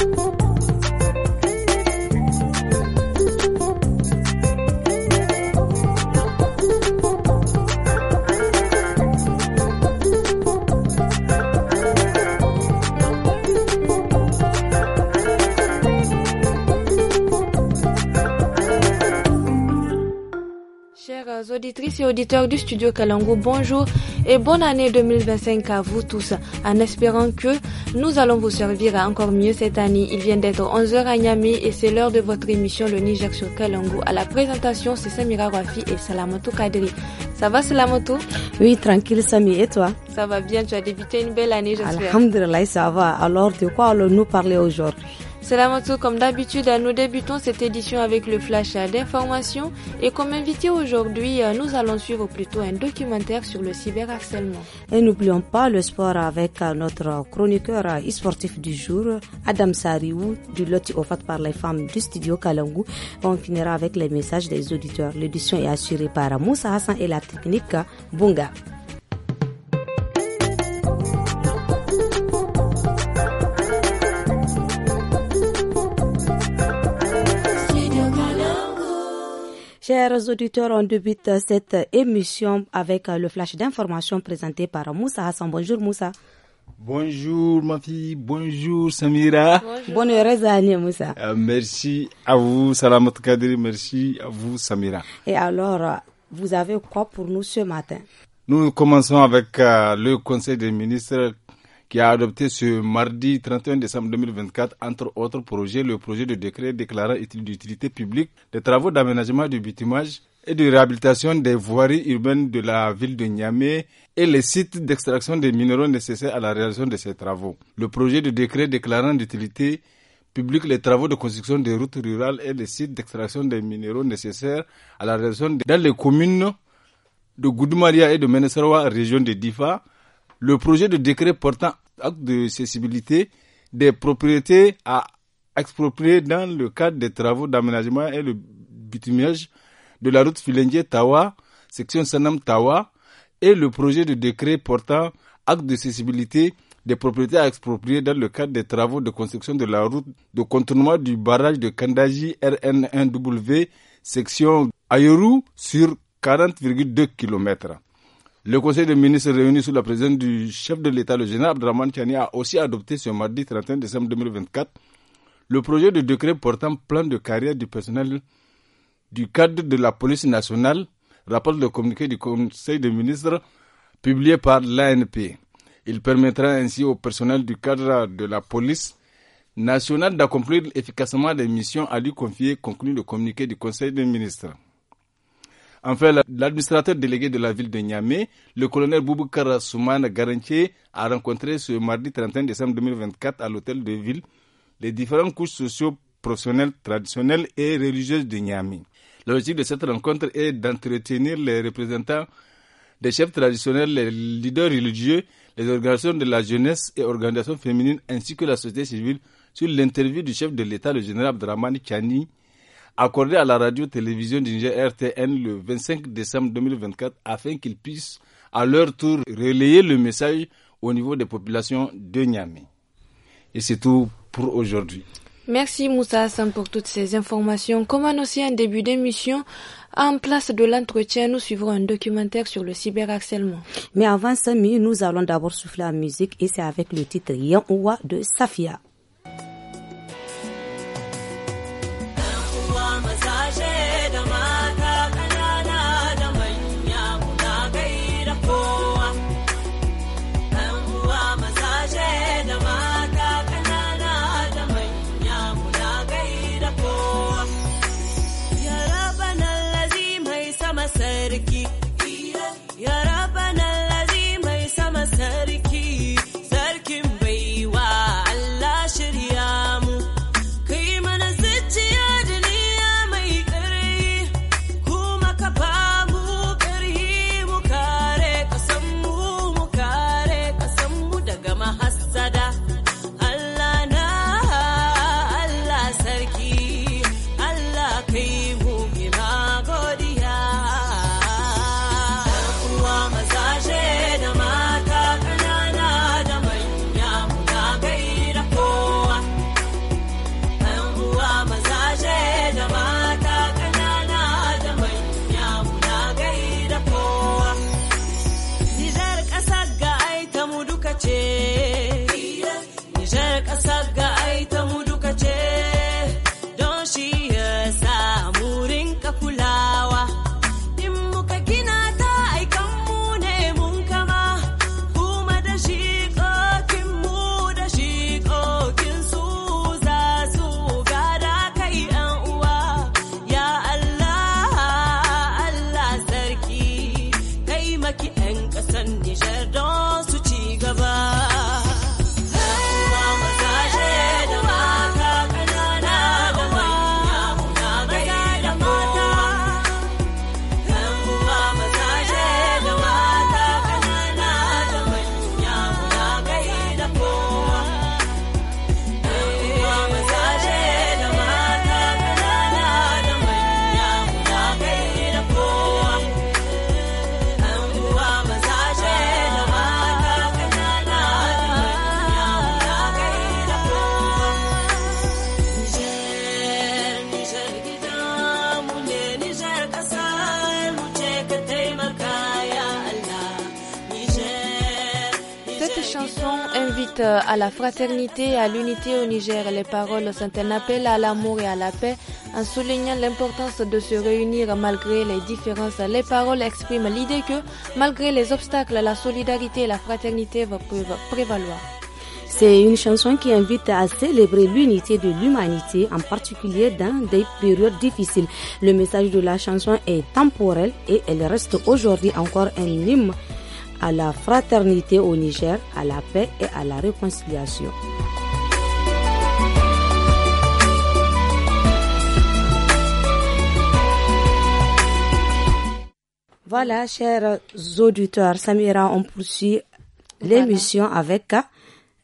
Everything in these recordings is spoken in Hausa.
Thank you. auditrices et auditeurs du studio Kalango, bonjour et bonne année 2025 à vous tous, en espérant que nous allons vous servir encore mieux cette année. Il vient d'être 11h à Niamey et c'est l'heure de votre émission Le Niger sur Kalango. À la présentation, c'est Samira Rafi et Salamoto Kadri. Ça va Salamoto Oui, tranquille Sami, et toi Ça va bien, tu as débuté une belle année, j'espère. Alhamdulillah, ça va. Alors, de quoi allons-nous parler aujourd'hui tout, comme d'habitude, nous débutons cette édition avec le flash d'information et comme invité aujourd'hui, euh, nous allons suivre plutôt un documentaire sur le cyberharcèlement. Et n'oublions pas le sport avec euh, notre chroniqueur euh, e-sportif du jour, Adam Sariou, du loti offert par les femmes du studio Kalangu. On finira avec les messages des auditeurs. L'édition est assurée par Moussa Hassan et la technique Bunga. Chers auditeurs, on débute cette émission avec le flash d'information présenté par Moussa Hassan. Bonjour Moussa. Bonjour ma fille, bonjour Samira. Bonne heureuse année Moussa. Euh, merci à vous Salamat Kadri, merci à vous Samira. Et alors, vous avez quoi pour nous ce matin Nous commençons avec euh, le Conseil des ministres qui a adopté ce mardi 31 décembre 2024, entre autres projets, le projet de décret déclarant d'utilité publique des travaux d'aménagement du bitumage et de réhabilitation des voiries urbaines de la ville de Niamey et les sites d'extraction des minéraux nécessaires à la réalisation de ces travaux. Le projet de décret déclarant d'utilité publique les travaux de construction des routes rurales et les sites d'extraction des minéraux nécessaires à la réalisation dans les communes de Goudoumaria et de Meneserwa, région de Difa, le projet de décret portant acte de cessibilité des propriétés à exproprier dans le cadre des travaux d'aménagement et le bitumage de la route Filendier-Tawa, section Sanam-Tawa, et le projet de décret portant acte de cessibilité des propriétés à exproprier dans le cadre des travaux de construction de la route de contournement du barrage de Kandaji RN1W, section Ayoru, sur 40,2 km. Le Conseil des ministres réuni sous la présidence du chef de l'État, le général Draman Chani, a aussi adopté ce mardi 31 décembre 2024 le projet de décret portant plan de carrière du personnel du cadre de la police nationale, rapporte le communiqué du Conseil des ministres publié par l'ANP. Il permettra ainsi au personnel du cadre de la police nationale d'accomplir efficacement les missions à lui confiées, conclut le communiqué du Conseil des ministres. Enfin, l'administrateur délégué de la ville de Niamey, le colonel boubou Soumane Garantier, a rencontré ce mardi 31 décembre 2024 à l'hôtel de ville les différentes couches socio-professionnelles, traditionnelles et religieuses de Niamey. L'objectif de cette rencontre est d'entretenir les représentants des chefs traditionnels, les leaders religieux, les organisations de la jeunesse et organisations féminines ainsi que la société civile sur l'interview du chef de l'État, le général Dramani Chani, accordé à la radio-télévision du RTN le 25 décembre 2024 afin qu'ils puissent à leur tour relayer le message au niveau des populations de Niamey. Et c'est tout pour aujourd'hui. Merci Moussa Hassan pour toutes ces informations. Comme annoncé en début d'émission, en place de l'entretien, nous suivrons un documentaire sur le cyberharcèlement. Mais avant Samy, nous allons d'abord souffler la musique et c'est avec le titre Yanoua » de Safia. fraternité, à l'unité au Niger. Les paroles sont un appel à l'amour et à la paix en soulignant l'importance de se réunir malgré les différences. Les paroles expriment l'idée que malgré les obstacles, la solidarité et la fraternité vont prévaloir. C'est une chanson qui invite à célébrer l'unité de l'humanité, en particulier dans des périodes difficiles. Le message de la chanson est temporel et elle reste aujourd'hui encore un hymne à la fraternité au Niger, à la paix et à la réconciliation. Voilà, chers auditeurs, Samira, on poursuit l'émission avec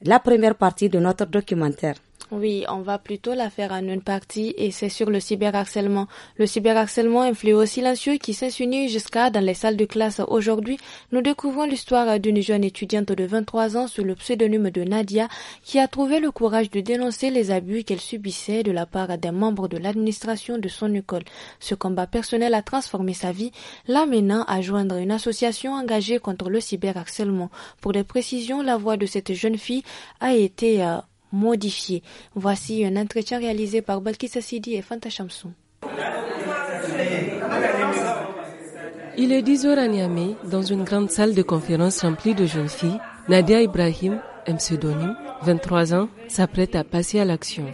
la première partie de notre documentaire. Oui, on va plutôt la faire en une partie et c'est sur le cyberharcèlement. Le cyberharcèlement influent silencieux qui s'insinue jusqu'à dans les salles de classe. Aujourd'hui, nous découvrons l'histoire d'une jeune étudiante de 23 ans sous le pseudonyme de Nadia qui a trouvé le courage de dénoncer les abus qu'elle subissait de la part des membres de l'administration de son école. Ce combat personnel a transformé sa vie, l'amenant à joindre une association engagée contre le cyberharcèlement. Pour des précisions, la voix de cette jeune fille a été euh, modifié. Voici un entretien réalisé par Balkis Assidi et Fanta Chamsou. Il est 10 heures à Niamey, dans une grande salle de conférence remplie de jeunes filles. Nadia Ibrahim, un pseudonyme, 23 ans, s'apprête à passer à l'action.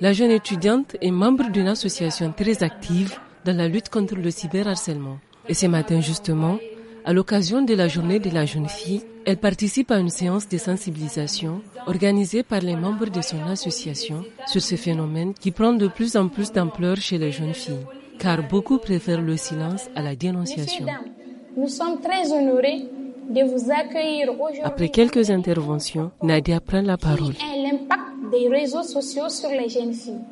La jeune étudiante est membre d'une association très active dans la lutte contre le cyberharcèlement. Et ce matin, justement, à l'occasion de la journée de la jeune fille, elle participe à une séance de sensibilisation organisée par les membres de son association sur ce phénomène qui prend de plus en plus d'ampleur chez les jeunes filles, car beaucoup préfèrent le silence à la dénonciation. nous sommes très honorés de vous accueillir Après quelques interventions, Nadia prend la parole. l'impact des réseaux sociaux sur les jeunes filles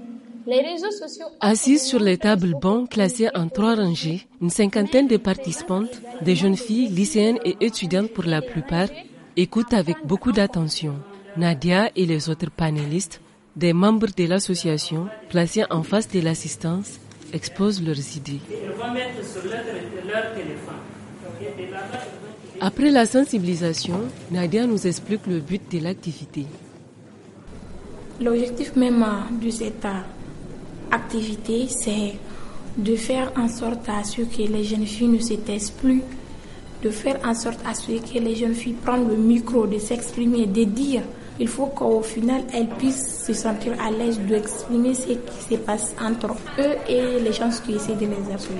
Assises sur les tables bancs classées en trois rangées, une cinquantaine de participantes, des jeunes filles, lycéennes et étudiantes pour la plupart, écoutent avec beaucoup d'attention Nadia et les autres panélistes, des membres de l'association placés en face de l'assistance, exposent leurs idées. Après la sensibilisation, Nadia nous explique le but de l'activité. L'objectif même euh, du cet activité, c'est de faire en sorte à ce que les jeunes filles ne se taisent plus, de faire en sorte à ce que les jeunes filles prennent le micro, de s'exprimer, de dire. Il faut qu'au final, elles puissent se sentir à l'aise d'exprimer ce qui se passe entre eux et les gens qui essaient de les harceler.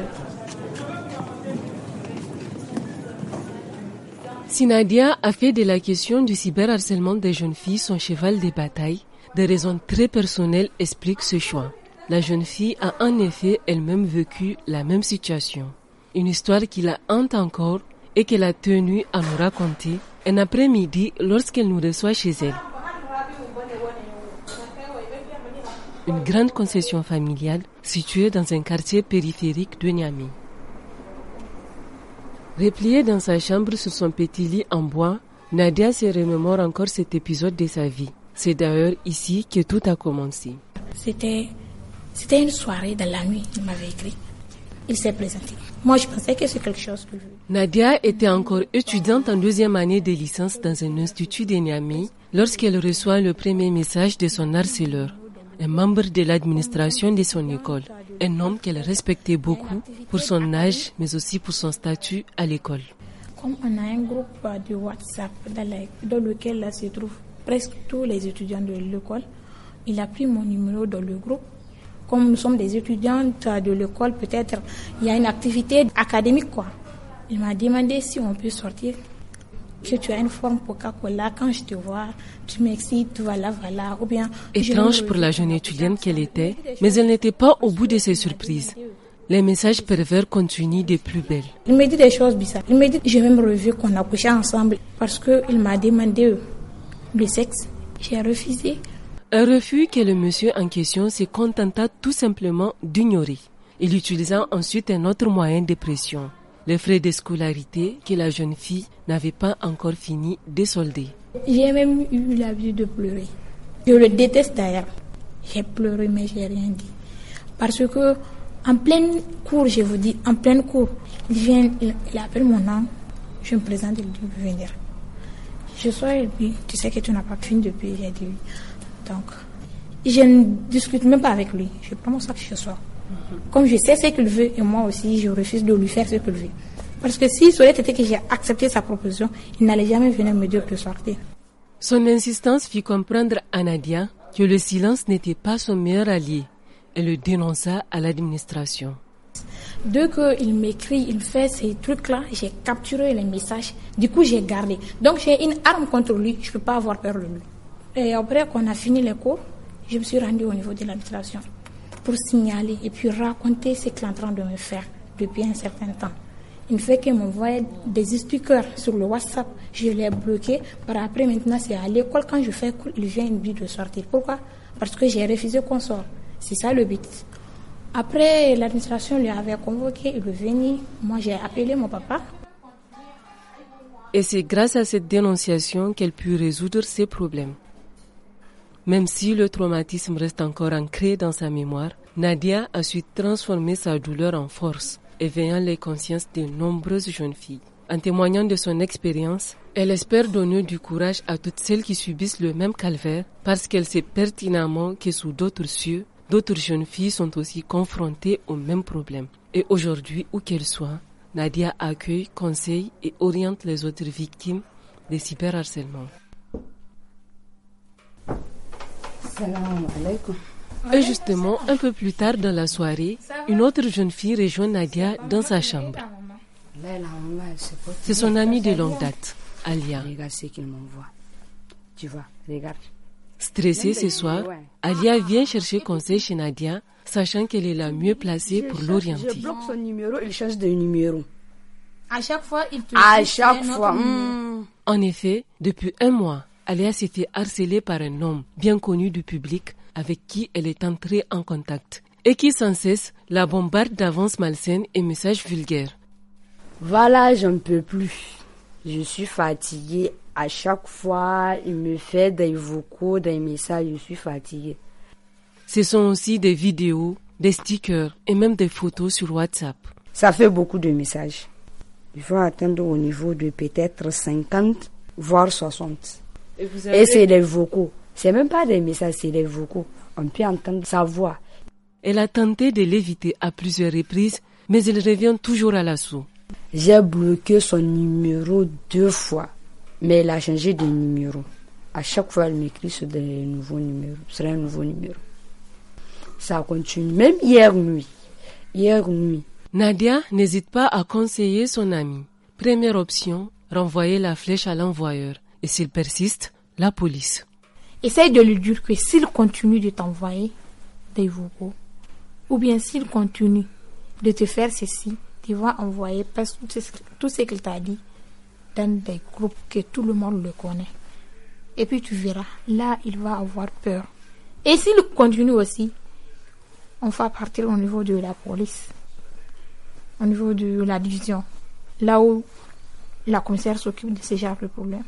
Sinadia a fait de la question du cyberharcèlement des jeunes filles son cheval de bataille. Des raisons très personnelles expliquent ce choix. La jeune fille a en effet elle-même vécu la même situation. Une histoire qui la hante encore et qu'elle a tenu à nous raconter un après-midi lorsqu'elle nous reçoit chez elle. Une grande concession familiale située dans un quartier périphérique de Niamey. Repliée dans sa chambre sur son petit lit en bois, Nadia se remémore encore cet épisode de sa vie. C'est d'ailleurs ici que tout a commencé. C'était c'était une soirée dans la nuit, il m'avait écrit. Il s'est présenté. Moi, je pensais que c'est quelque chose que je... Nadia était encore étudiante en deuxième année de licence dans un institut de lorsqu'elle reçoit le premier message de son harceleur, un membre de l'administration de son école, un homme qu'elle respectait beaucoup pour son âge, mais aussi pour son statut à l'école. Comme on a un groupe euh, de WhatsApp dans, lequel se trouvent presque tous les étudiants de l'école, il a pris mon numéro dans le groupe comme nous sommes des étudiantes de l'école, peut-être il y a une activité académique. quoi. Il m'a demandé si on peut sortir, que tu as une forme Coca-Cola, quand je te vois, tu m'excites, voilà, voilà. Ou bien, Étrange pour la jeune étudiante qu'elle était, mais elle n'était pas au bout de ses surprises. Les messages pervers continuent des plus belles. Il me dit des choses bizarres. Il me dit, j'ai même revu qu'on a ensemble parce qu'il m'a demandé euh, le sexe. J'ai refusé. Un refus que le monsieur en question se contenta tout simplement d'ignorer. Il utilisa ensuite un autre moyen de pression, les frais de scolarité que la jeune fille n'avait pas encore fini de solder. J'ai même eu l'habitude de pleurer. Je le déteste d'ailleurs. J'ai pleuré mais j'ai rien dit. Parce que en pleine cour, je vous dis, en pleine cour, il vient, il, appelle mon nom, je me présente, il dit venir. Je sois et puis, tu sais que tu n'as pas fini depuis, j'ai dit oui. Donc, je ne discute même pas avec lui. Je prends mon sac, ce soir. Comme je sais ce qu'il veut, et moi aussi, je refuse de lui faire ce qu'il veut. Parce que si il était que j'ai accepté sa proposition, il n'allait jamais venir me dire de sortir. Son insistance fit comprendre à Nadia que le silence n'était pas son meilleur allié. Elle le dénonça à l'administration. Dès qu'il m'écrit, il fait ces trucs-là, j'ai capturé les messages. Du coup, j'ai gardé. Donc, j'ai une arme contre lui. Je ne peux pas avoir peur de lui. Et après qu'on a fini les cours, je me suis rendue au niveau de l'administration pour signaler et puis raconter ce qu'il est en train de me faire depuis un certain temps. Une fois qu'ils m'envoyaient des stickers sur le WhatsApp, je l'ai bloqué Par après, maintenant, c'est à l'école. Quand je fais cours, il vient me de sortir. Pourquoi Parce que j'ai refusé qu'on sorte. C'est ça le but. Après, l'administration lui avait convoqué, il est Moi, j'ai appelé mon papa. Et c'est grâce à cette dénonciation qu'elle put résoudre ses problèmes. Même si le traumatisme reste encore ancré dans sa mémoire, Nadia a su transformer sa douleur en force, éveillant les consciences de nombreuses jeunes filles. En témoignant de son expérience, elle espère donner du courage à toutes celles qui subissent le même calvaire parce qu'elle sait pertinemment que sous d'autres cieux, d'autres jeunes filles sont aussi confrontées au même problème. Et aujourd'hui, où qu'elles soient, Nadia accueille, conseille et oriente les autres victimes des cyberharcèlements. Et justement, un peu plus tard dans la soirée, une autre jeune fille rejoint Nadia dans sa chambre. C'est son amie de longue date, Alia. Stressée ce soir, Alia vient chercher conseil chez Nadia, sachant qu'elle est la mieux placée pour l'orienter. Je il change de numéro. À chaque fois, À chaque fois. Hmm. En effet, depuis un mois, s'est fait harcelée par un homme bien connu du public avec qui elle est entrée en contact et qui sans cesse la bombarde d'avances malsaines et messages vulgaires. Voilà, je ne peux plus. Je suis fatiguée. À chaque fois, il me fait des vocaux, des messages, je suis fatiguée. Ce sont aussi des vidéos, des stickers et même des photos sur WhatsApp. Ça fait beaucoup de messages. Il faut atteindre au niveau de peut-être 50, voire 60. Et, c'est des vocaux. C'est même pas des messages, c'est des vocaux. On peut entendre sa voix. Elle a tenté de l'éviter à plusieurs reprises, mais il revient toujours à l'assaut. J'ai bloqué son numéro deux fois, mais elle a changé de numéro. À chaque fois, elle m'écrit sur des nouveaux numéros, sur un nouveau numéro. Ça continue, même hier nuit. Hier nuit. Nadia n'hésite pas à conseiller son amie. Première option, renvoyer la flèche à l'envoyeur. Et s'il persiste, la police. Essaye de lui dire que s'il continue de t'envoyer des vocaux, ou bien s'il continue de te faire ceci, tu vas envoyer tout ce qu'il t'a dit dans des groupes que tout le monde le connaît. Et puis tu verras, là, il va avoir peur. Et s'il continue aussi, on va partir au niveau de la police, au niveau de la division, là où la commissaire s'occupe de ces genre de problème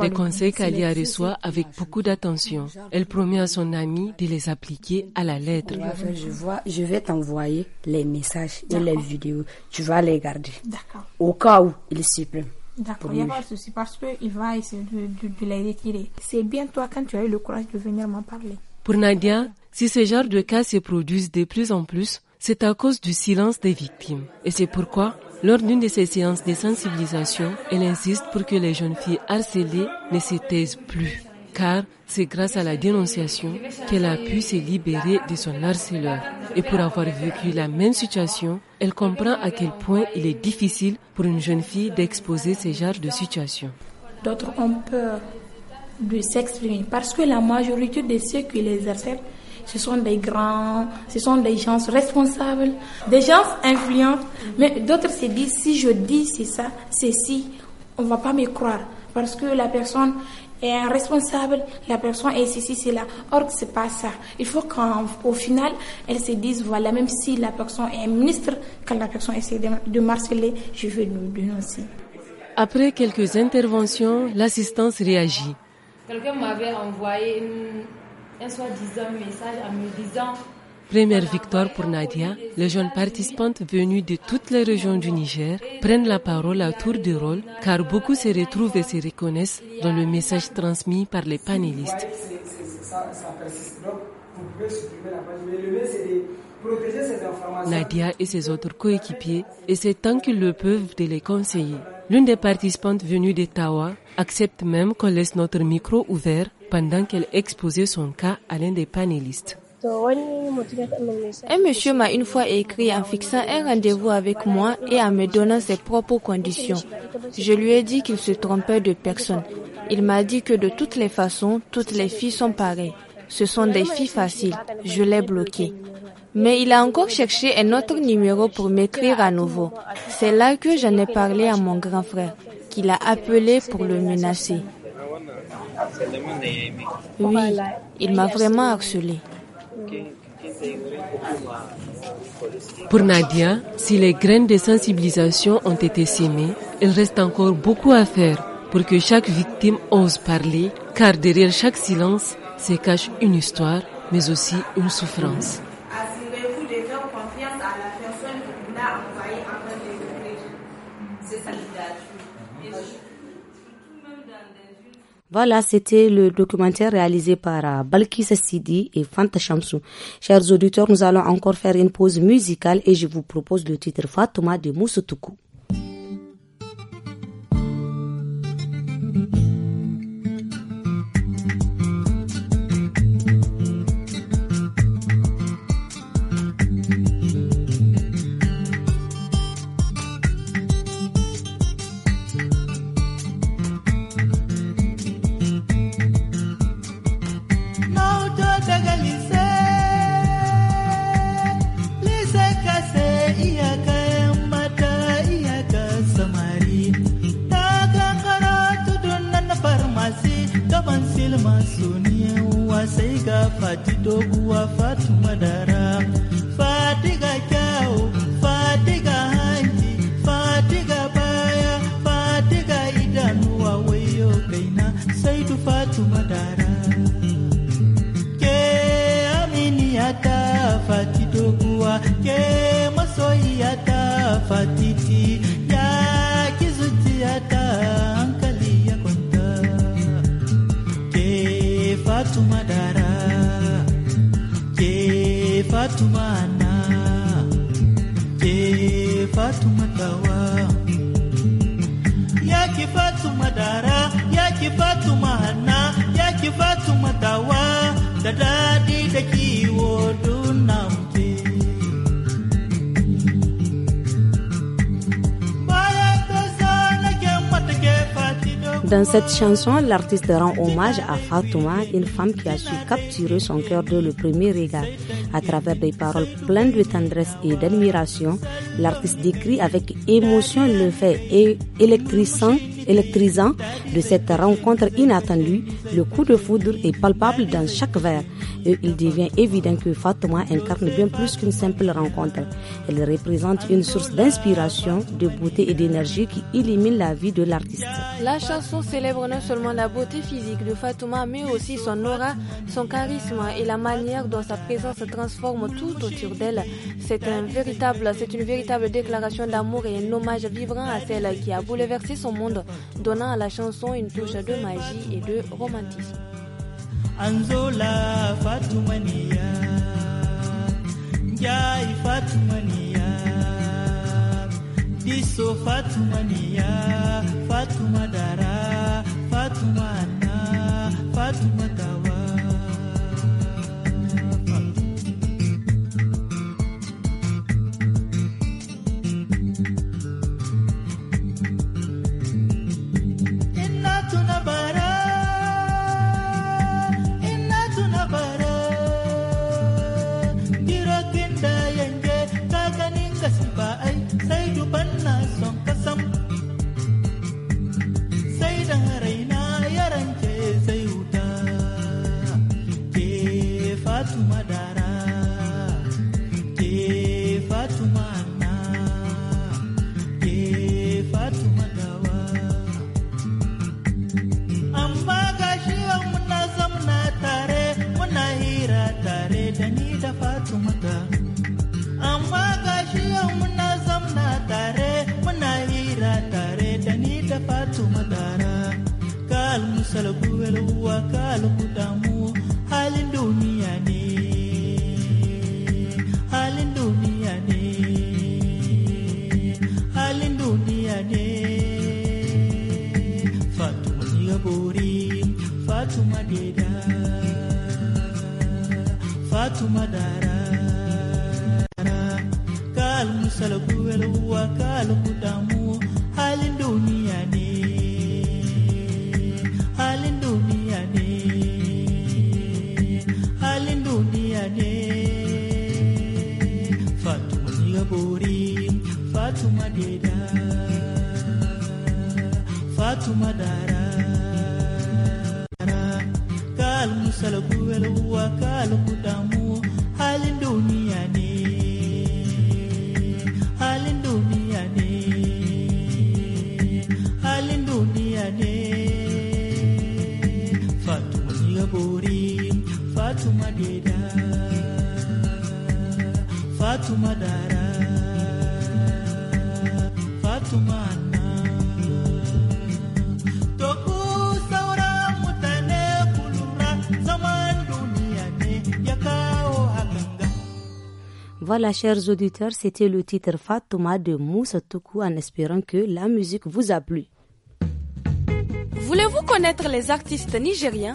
des conseils qu'Alia reçoit avec beaucoup d'attention. Elle promet à son amie de les appliquer à la lettre. Je, vois, je vais t'envoyer les messages et les vidéos. Tu vas les garder. D'accord. Au cas où il supprime. D'accord, il n'y a pas de parce qu'il va essayer de, de les retirer. C'est bien toi quand tu as eu le courage de venir m'en parler. Pour Nadia, si ce genre de cas se produisent de plus en plus, c'est à cause du silence des victimes. Et c'est pourquoi lors d'une de ces séances de sensibilisation, elle insiste pour que les jeunes filles harcelées ne se taisent plus, car c'est grâce à la dénonciation qu'elle a pu se libérer de son harceleur. Et pour avoir vécu la même situation, elle comprend à quel point il est difficile pour une jeune fille d'exposer ce genre de situation. D'autres ont peur de s'exprimer parce que la majorité de ceux qui les harcèlent ce sont des grands, ce sont des gens responsables, des gens influents. Mais d'autres se disent, si je dis c'est ça, c'est si, on va pas me croire. Parce que la personne est responsable, la personne est ceci, cela. Or, n'est pas ça. Il faut qu'au final, elles se disent, voilà, même si la personne est ministre, quand la personne essaie de, marceler, je vais nous dénoncer. Après quelques interventions, l'assistance réagit. Quelqu'un m'avait envoyé une Première victoire pour Nadia, les jeunes participantes venues de toutes les régions du Niger prennent la parole à tour de rôle car beaucoup se retrouvent et se reconnaissent dans le message transmis par les panélistes. Nadia et ses autres coéquipiers essaient tant qu'ils le peuvent de les conseiller. L'une des participantes venues Tawa accepte même qu'on laisse notre micro ouvert pendant qu'elle exposait son cas à l'un des panélistes. Un monsieur m'a une fois écrit en fixant un rendez-vous avec moi et en me donnant ses propres conditions. Je lui ai dit qu'il se trompait de personne. Il m'a dit que de toutes les façons, toutes les filles sont pareilles. Ce sont des filles faciles. Je l'ai bloqué. Mais il a encore cherché un autre numéro pour m'écrire à nouveau. C'est là que j'en ai parlé à mon grand frère, qu'il a appelé pour le menacer. Oui, il m'a vraiment harcelé. Pour Nadia, si les graines de sensibilisation ont été semées, il reste encore beaucoup à faire pour que chaque victime ose parler, car derrière chaque silence se cache une histoire, mais aussi une souffrance. Voilà, c'était le documentaire réalisé par euh, Balkis Sidi et Fanta Chers auditeurs, nous allons encore faire une pause musicale et je vous propose le titre Fatuma de Moussoutoku. fati doguwa fatu madara fatiga ga fatiga fati ga hanji fati baya fatiga ga idanuwa wayo kaina fatu madara ke aminiyata fati doguwa ke ata fatiti yaki tawa ya ki Fatuma dara ya ki madawa hanna ya ki tawa da dadi da ki Dans cette chanson, l'artiste rend hommage à Fatouma, une femme qui a su capturer son cœur de le premier regard. À travers des paroles pleines de tendresse et d'admiration, l'artiste décrit avec émotion le fait électrisant électrisant de cette rencontre inattendue, le coup de foudre est palpable dans chaque verre et il devient évident que Fatouma incarne bien plus qu'une simple rencontre. Elle représente une source d'inspiration, de beauté et d'énergie qui illumine la vie de l'artiste. La chanson célèbre non seulement la beauté physique de Fatouma, mais aussi son aura, son charisme et la manière dont sa présence transforme tout autour d'elle. C'est un véritable, c'est une véritable déclaration d'amour et un hommage vibrant à celle qui a bouleversé son monde donnant à la chanson une touche de magie et de romantisme. Anzola Fatoumania, Ndiaye Fatoumania, Disso Fatoumania, Fatou Dara, Fatouma Anna, Voilà, chers auditeurs, c'était le titre Fatuma de Moussa Toku en espérant que la musique vous a plu. Voulez-vous connaître les artistes nigériens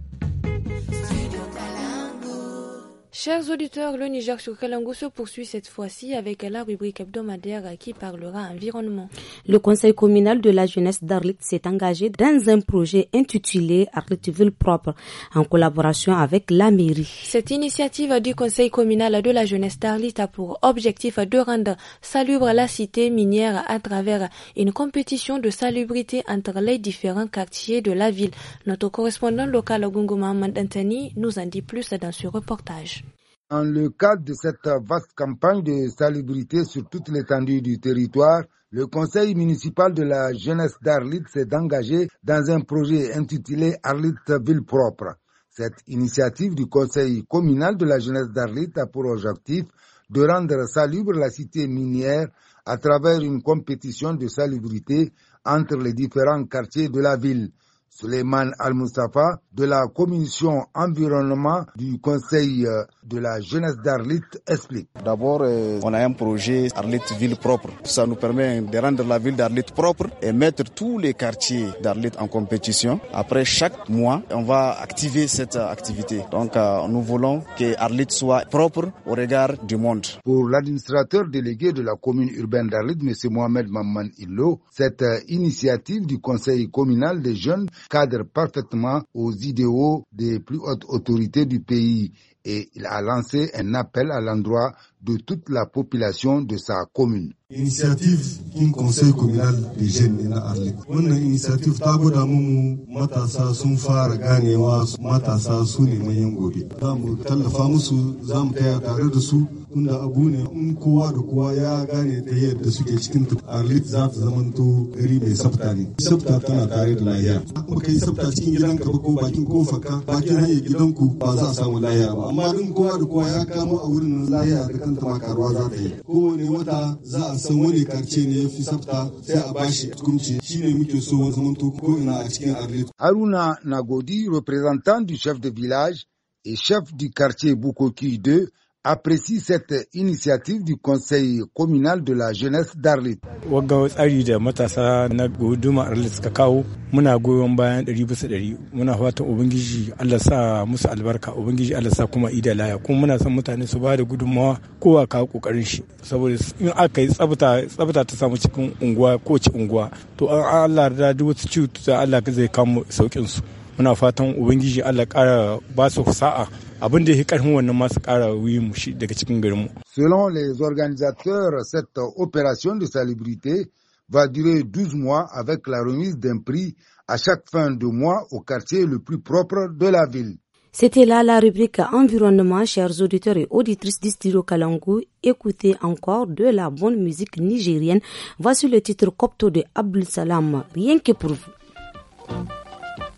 Chers auditeurs, le Niger sur Kalango se poursuit cette fois-ci avec la rubrique hebdomadaire qui parlera environnement. Le conseil communal de la jeunesse d'Arlit s'est engagé dans un projet intitulé Ville propre en collaboration avec la mairie. Cette initiative du conseil communal de la jeunesse d'Arlit a pour objectif de rendre salubre la cité minière à travers une compétition de salubrité entre les différents quartiers de la ville. Notre correspondant local Gungo Mandantani nous en dit plus dans ce reportage en le cadre de cette vaste campagne de salubrité sur toute l'étendue du territoire, le conseil municipal de la jeunesse d'Arlit s'est engagé dans un projet intitulé Arlit Ville Propre. Cette initiative du conseil communal de la jeunesse d'Arlit a pour objectif de rendre salubre la cité minière à travers une compétition de salubrité entre les différents quartiers de la ville. Suleiman Al-Mustafa de la Commission Environnement du Conseil euh, de la Jeunesse d'Arlit explique. D'abord, euh, on a un projet Arlit Ville propre. Ça nous permet de rendre la ville d'Arlit propre et mettre tous les quartiers d'Arlit en compétition. Après chaque mois, on va activer cette activité. Donc, euh, nous voulons que Arlit soit propre au regard du monde. Pour l'administrateur délégué de la commune urbaine d'Arlit, M. Mohamed Mamman Illo, cette initiative du Conseil communal des jeunes cadre parfaitement aux idéaux des plus hautes autorités du pays et il a lancé un appel à l'endroit de toute la population de sa commune. Initiative kin conseil communal de jeunes na Arlit. Wannan initiative ta gwada mu matasa sun fara ganewa matasa su ne manyan gobe. Za mu tallafa musu, za mu taya tare da su, tunda abu ne in kowa da kowa ya gane ta yadda suke cikin Arlit za ta zamanto gari mai sabta ne. Sabta tana tare da lahiya. Ba kai sabta cikin gidanka ba ko bakin kofarka, bakin hanyar gidanku ba za a samu lahiya ba. Amma in kowa da kowa ya kama a wurin lahiya da tantama karuwa za ta yi kowane wata za a san wani karce ne ya fi sabta sai a bashi tukunci shine muke so wani zamanto ko ina a cikin arlit haruna nagodi représentant du chef de village et chef du quartier bukoki 2 apprécie cette initiative du Conseil communal de la jeunesse d'Arlit. Wagga tsari da matasa na guduma Arlit suka kawo muna goyon bayan ɗari bisa muna fatan Ubangiji Allah sa albarka Ubangiji Allah sa kuma ida laya muna son mutane su ba da gudunmawa kowa kokarin shi saboda in aka yi tsabta ta samu cikin unguwa ko ci unguwa to an Allah da duk wata cuta Allah zai kamo saukin su. Selon les organisateurs, cette opération de salubrité va durer 12 mois avec la remise d'un prix à chaque fin de mois au quartier le plus propre de la ville. C'était là la rubrique Environnement, chers auditeurs et auditrices d'Istiro Kalangu. Écoutez encore de la bonne musique nigérienne. Voici le titre copto de Abdul Salam, rien que pour vous.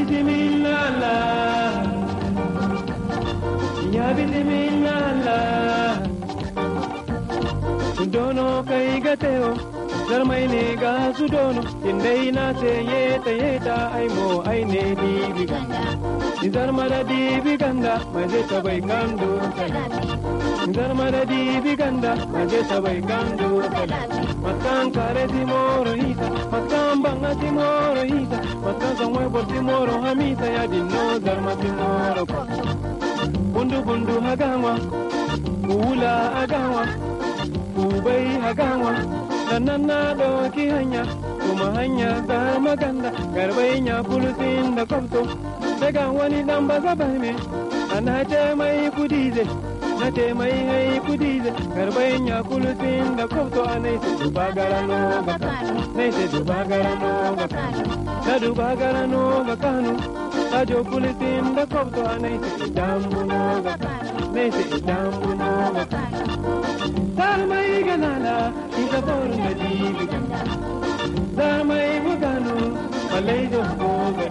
بسم الله لا يا بسم الله لا dono kai gateo zarmai ne ga su dono indai na te yeta yeta ai mo ai ne di biganda ni zarmara di biganda mai zai ta bai kandu kalata ngarmada dibi ganda mage sabai kandu matan kare timoro hita matan banga timoro hita matan zangwe bor timoro hamita ya dinno zarma timoro bundu bundu hagawa kula agawa kubai hagawa sannan na doki hanya kuma hanya za maganda garbai ya fulutin da kwamto daga wani dan ba zaba ne ana ce mai kudi zai na te mai hai kudize garbai nya kulutin da kofto anai se duba garano ga kanu nai se duba garano ga kanu da duba garano ga kanu da jo kulutin da kofto anai se damu no ga kanu nai se damu no ga kanu dar mai ganala ida bor na di dar mai bugano malai jo ko ga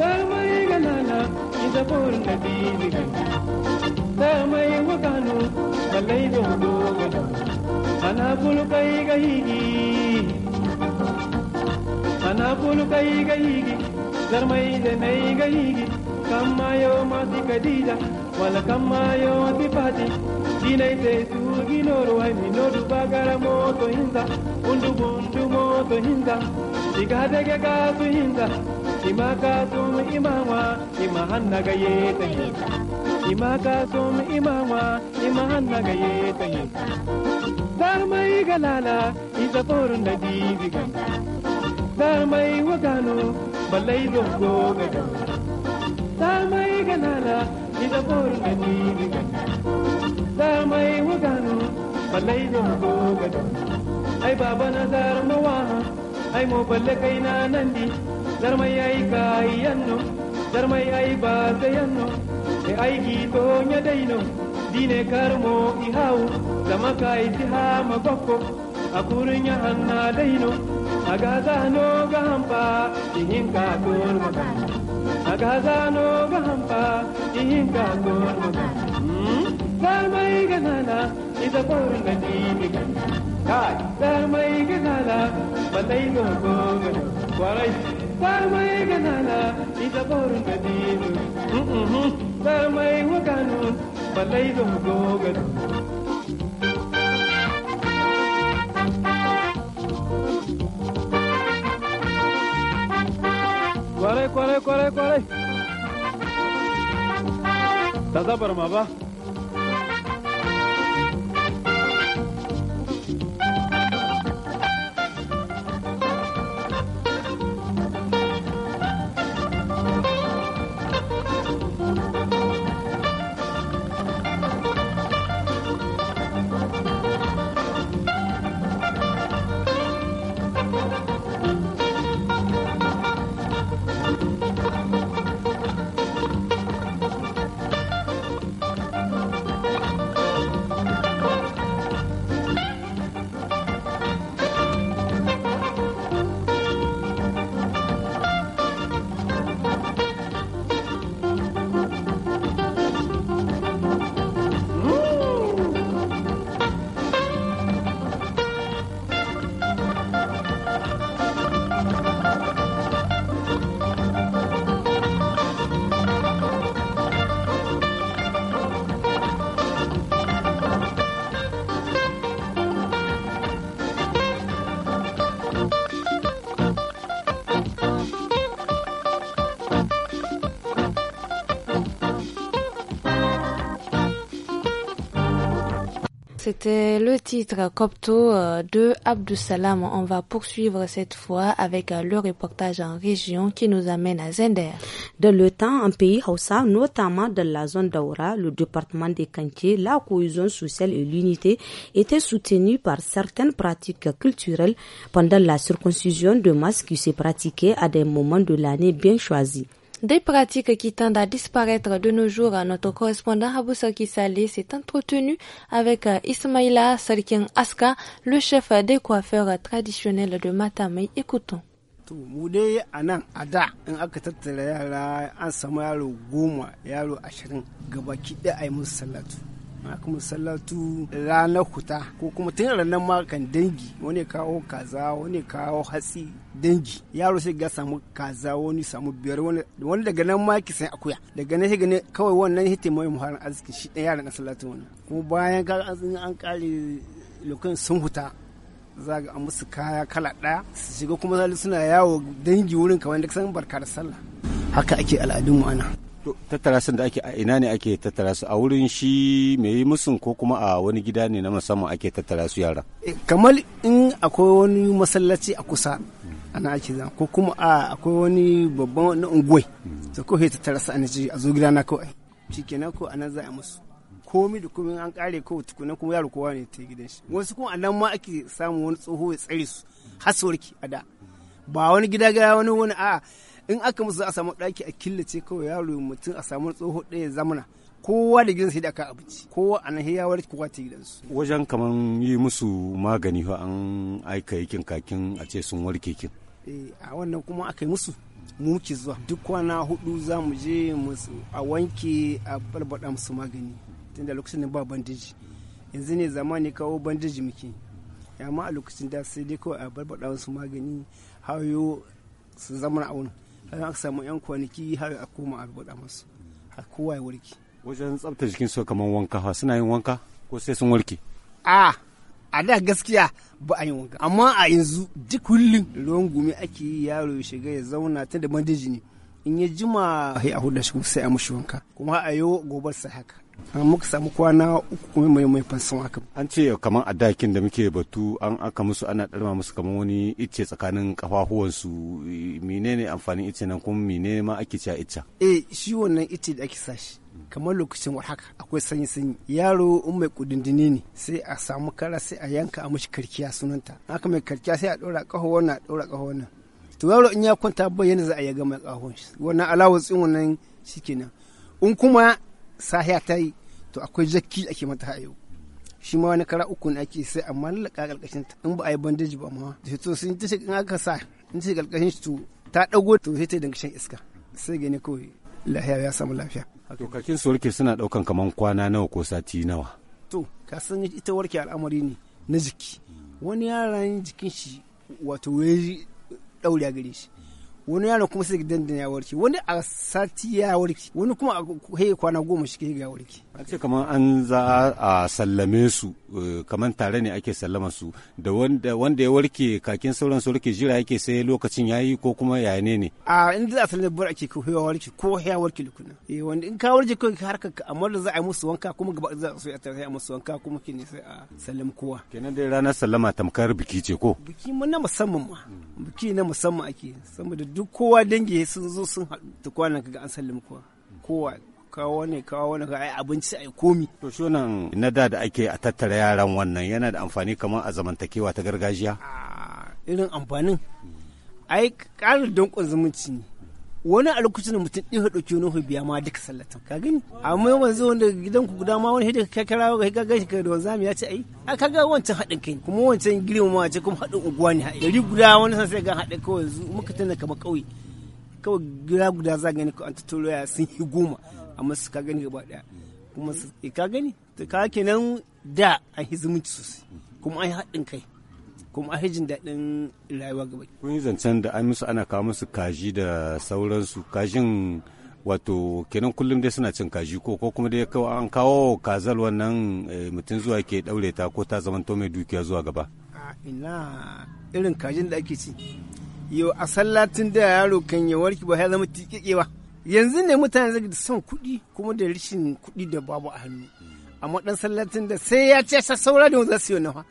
dar mai ganala ida bor na di ಸಮಯ ಮಗನು ಬಲ್ಲೈದೊಂದು ಮನ ಪುಲು ಕೈಗ ಹೀಗಿ ಮನ ಪುಲು ಕೈಗ ಹೀಗಿ ಧರ್ಮೈದ ನೈಗ ಹೀಗಿ ಕಮ್ಮಾಯೋ ಮಾತಿ ಕದೀಜ ಒಲ ಕಮ್ಮಾಯೋ ಅತಿ ಪಾತಿ ದಿನೈತೆ ತೂಗಿ ನೋರು ಐಮಿ ನೋಡು ಬಗರ ಮೋತು ಹಿಂದ ಉಂಡು ಬುಂಡು ಮೋತು ಹಿಂದ ಸಿಗಾದೆಗೆ ಕಾಸು ಹಿಂದ ಇಮ ಕಾಸು ಇಮವ ಇಮ ಅನ್ನಗ ಏತ ಹಿಂದ ima ka som ima wa ima na ga ye ta ye dar mai galala iza porun da di diga dar mai wagano balai do go ga ga dar mai galala iza porun da di diga dar mai wagano balai do go ga ga ai baba na dar mawa ai mo balle kai na nandi dar mai ai kai yanno dar mai ai ba ga yanno e aygiiɗo nyadayno dine karmo i haw zama kayti haa ma gokko a kurnya hannaadayno agazano ga hampa ihinka gol magan agazano ga hampa ihinka gol hmm? magan darmai ganana ida por ngani migan kai darmai ganana balai go go warai darmai ganana ida borun gadin darmai waganun balai do gogan kwarai kwarai kwarai kwarai ta zabar ma ba c'était le titre Copto euh, de Abdou Salam. On va poursuivre cette fois avec euh, le reportage en région qui nous amène à Zender. Dans le temps, en pays haussa, notamment dans la zone d'Aura, le département des Kantiers, la cohésion sociale et l'unité étaient soutenues par certaines pratiques culturelles pendant la circoncision de masse qui s'est pratiquée à des moments de l'année bien choisis. Des pratiques qui tendent à disparaître de nos jours, notre correspondant Abou Kisali s'est entretenu avec euh, Ismaila Sarkin Aska, le chef des coiffeurs traditionnels de Matamé. Écoutons. kuma sallatu ranar kuta ko kuma tun ranar ma dangi wani kawo kaza wani kawo hatsi dangi yaro sai ga samu kaza wani samu biyar wani daga nan ma ki san akuya daga nan ne kawai wannan hitin mai muharin arziki shi ɗaya yaran sallatu wannan kuma bayan ka an an kare lokacin sun huta za ga an musu kaya kala ɗaya su shiga kuma suna yawo dangi wurin kamar da san barka da sallah haka ake al'adunmu ana tattara sun da ake a ina ne ake tattara su a wurin shi mai yi musun ko kuma a wani gida ne na musamman ake tattara su yara eh, kamar in akwai wani masallaci a kusa ana ake zama ko kuma a akwai wani babban wani unguwai sai hmm. ko tattara su a ce a zo gida na kawai shikenan ko nan za a musu komi da komi an kare ko tukuna kuma yaro kowa ne ta gidan shi wasu kuma nan ma ake samu wani tsoho ya tsare su har a da ba wani gida gaya wani wani a'a in aka musu a samu ɗaki a killace kawai yaro mutum a samu tsoho ɗaya zamana kowa da gidansa da aka abinci kowa a nan ya warke kowa ta gidansu wajen kaman yi musu magani fa an aika yakin kakin a ce sun warke kin eh, a wannan kuma aka yi musu mu muke zuwa duk kwana hudu za mu je a wanke a barbada musu magani tunda lokacin da ba bandeji yanzu ne zamani kawo bandeji muke amma a lokacin da sai dai kawai a barbada musu magani hayo su zama a wani har aka samu yan kwanaki har a koma a rubuta masu har kowa ya warke wajen tsabta jikin su kamar wanka ha suna yin wanka ko sai sun warke a a da gaskiya ba a yi wanka amma a yanzu duk kullum ruwan gumi ake yi yaro ya shiga ya zauna ta da bandeji ne in ya jima a da shi sai a mushi wanka kuma a yi gobar sa haka muka samu kwana uku kuma mai mai fansan haka an ce kamar a dakin da muke batu an aka musu ana ɗarma musu kamar wani icce tsakanin kafafuwansu menene amfanin icce nan kuma menene ma ake cewa icce eh shi wannan icce da ake sashi kamar lokacin haka akwai sanyi sanyi yaro in mai kudindini ne sai a samu kara sai a yanka a mashi karkiya sunanta haka mai karkiya sai a ɗora kaho wannan a ɗora kaho wannan to yaro in ya kwanta bayyana za a yaga mai kahon wannan alawar tsin wannan shikenan in kuma sahiya ta yi to akwai jakki ake mata hayo shi ma wani kara uku ne ake sai amma lalaka karkashin ta in ba a yi bandaji ba ma da to sun ta in aka sa in ce karkashin shi to ta dago to sai ta dinga shan iska sai gani kawai lahiya ya samu lafiya to kakin su warke suna daukan kaman kwana nawa ko sati nawa to ka san ita warke al'amari ne na jiki wani yaran jikin shi wato wai daure gare shi wani yaro kuma sai da ya warke wani a sati ya warke wani kuma a hei kwana goma shi ya warke a ce kamar an za a sallame su eh, kamar tare ne ake sallama su da wanda ya warke kakin sauran su warke jira yake sai lokacin ya yi ko kuma ya ne ne a in za a sallame bar ake ko ya warke ko ya warke lukuna eh, wanda in ka warke ko har ka amma da za a yi musu wanka kuma gaba za su yi a musu wanka kuma ke ne sai a sallama kowa kenan dai ranar sallama tamkar biki ce ko biki na musamman ma biki na musamman ake saboda duk kowa dangi sun zo sun haɗu kowa kwanan kaga an sallama kowa kowa kawo ne kawo ne ai abinci ai komi to na da da ake a tattara yaran wannan yana da amfani kamar a zamantakewa ta gargajiya ah, irin amfanin ai ƙarin danƙon zumunci ne wani a lokacin mutum ɗin ɗauki wani biya ma duka sallatin ka gani amma wanzu wanda gidan ku guda ma wani hidda ka kira ka gashi ka da wanzami ya ce ai a ka ga wancan haɗin kai kuma wancan ma ce kuma haɗin unguwa ne haɗin gari guda wani san sai ga haɗin kawai yanzu muka tana kama ƙauye kawai gira guda za gani ko an ta tolo ya sun yi goma amma su ka gani gaba ɗaya kuma su eh, ka gani ka kenan da an yi zumunci sosai kuma an yi haɗin kai kuma a hijin daɗin rayuwa gaba. Kun yi zancen da an musu ana kawo musu kaji da sauransu kajin wato kenan kullum dai suna cin kaji ko ko kuma dai an kawo kazal wannan eh, mutum zuwa ke ɗaure ta ko ta to mai dukiya zuwa gaba. A ina irin kajin da ake ci. Yau a sallatin da yaro kan ya warki ba ya zama tiƙeƙewa. Yanzu ne mutane zai son kuɗi kuma da rashin kuɗi da babu a hannu. Amma ɗan sallatin da sai ya ce saura da za su yi wani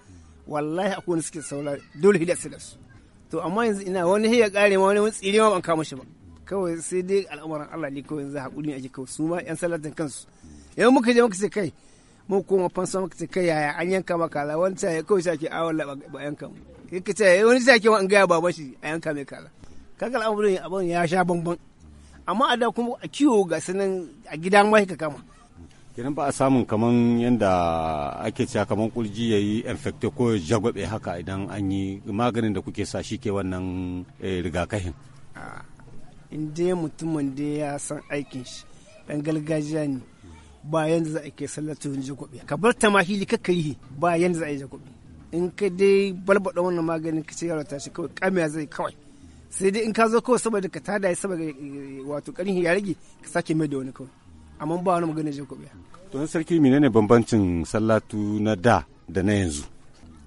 wallahi akwai wani suke saurari dole hidda su da su to amma yanzu ina wani hiya kare ma wani tsire ma ban kama shi ba kawai sai dai al'amuran Allah ne kawai yanzu hakuri ake kawai su ma yan salatin kansu yau muka je muka ce kai mu koma fansa muka ce kai yaya an yanka ma kaza wani ta ya kawai sake awon ah, ba yanka mu kika ta ya eh, wani ke ma an gaya baban shi a yanka mai kaza kaga al'amuran abin ya sha bamban amma a da kuma a kiwo ga sanan a gida ma ka kama kenan ba a samun kaman yadda ake cewa kaman kurji ya yi infecte ko jagwabe haka idan an yi maganin da kuke sa shi ke wannan eh, rigakafin in dai mutumin da ya san aikin shi dan gargajiya ne ba yanda za a ke sallatun jagwabe ka bar ta ma hili yi ba yanda za a yi jagwabe in ka dai balbaɗa wannan maganin ka ce yaro ta shi kawai kamiya zai kawai sai dai in ka zo kawai saboda ka tada saboda eh, wato karin ya rage ka sake mai da wani kawai amma ba wani magana je kuɓe Tun sarki menene bambancin sallatu na da da na yanzu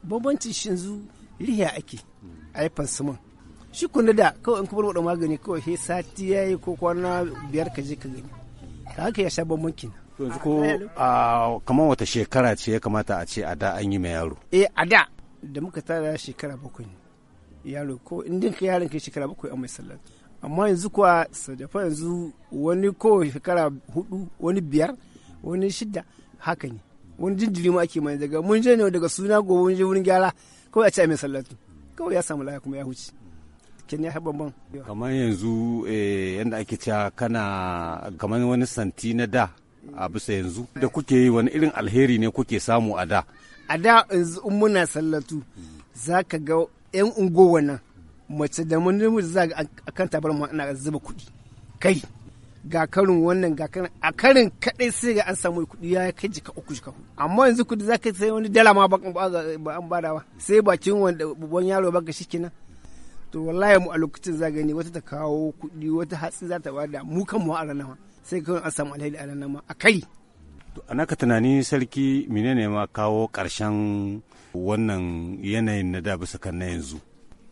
bambancin shi yanzu riya ake a yi fansuman shi kun da kawai in kuma wadda magani kawai he sati ya yi ko kwana biyar ka je ka gani ka haka ya sha bambanci na to yanzu ko kamar wata shekara ce ya kamata a ce a da an yi ma yaro eh a da da muka tara shekara bakwai yaro ko in dinka yaron kai shekara bakwai an mai sallatu amma yanzu kuwa sadafa yanzu wani ko shekara hudu wani biyar wani shida haka ne wani jinjiri ma ake mai daga mun je ne daga suna gobe mun je wurin gyara kawai a ce mai sallatu kawai ya samu laya kuma ya huce kin ya bamban kamar yanzu eh, yadda ake cewa kana kamar wani santi na da a bisa yanzu da kuke yi wani irin alheri ne kuke samu a da a da yanzu in muna sallatu za ka ga yan unguwa nan mace da mun mu za a kan mu ana zuba kuɗi kai ga karin wannan ga karin a karin kadai sai ga an samu kuɗi ya kai jika uku jika hudu amma yanzu kuɗi za ka sai wani dala ma ba an ba ba sai bakin wanda babban yaro ba shi kenan to wallahi mu a lokacin za gani wata ta kawo kuɗi wata hatsi za ta da mu kan mu a ranar sai ka an samu alheri a ranar ma a kai a naka tunani sarki menene ma kawo ƙarshen wannan yanayin na da bisa kan na yanzu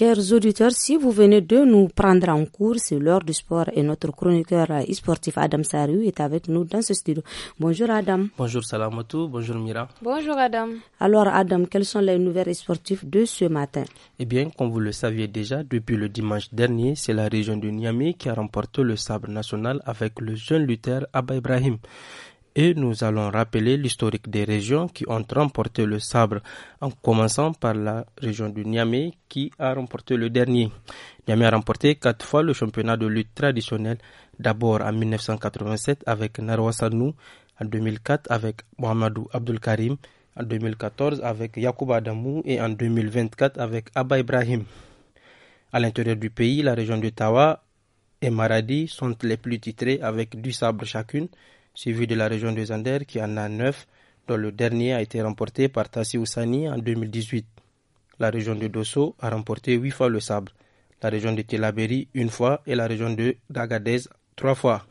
Chers auditeurs, si vous venez de nous prendre en cours, c'est l'heure du sport et notre chroniqueur sportif Adam Saru est avec nous dans ce studio. Bonjour Adam. Bonjour Salamatou, bonjour Mira. Bonjour Adam. Alors Adam, quelles sont les nouvelles sportives de ce matin Eh bien, comme vous le saviez déjà, depuis le dimanche dernier, c'est la région de Niamey qui a remporté le sabre national avec le jeune lutteur Abba Ibrahim et nous allons rappeler l'historique des régions qui ont remporté le sabre, en commençant par la région du Niamey qui a remporté le dernier. Niamey a remporté quatre fois le championnat de lutte traditionnelle, d'abord en 1987 avec Narwa Sanou, en 2004 avec Mohamedou Abdul Karim, en 2014 avec Yacouba Adamou et en 2024 avec Abba Ibrahim. À l'intérieur du pays, la région de Tawa et Maradi sont les plus titrées avec du sabre chacune suivi de la région de Zander qui en a neuf, dont le dernier a été remporté par Tassi Oussani en 2018. La région de Dosso a remporté huit fois le sabre, la région de Telaberi une fois et la région de Dagadez trois fois.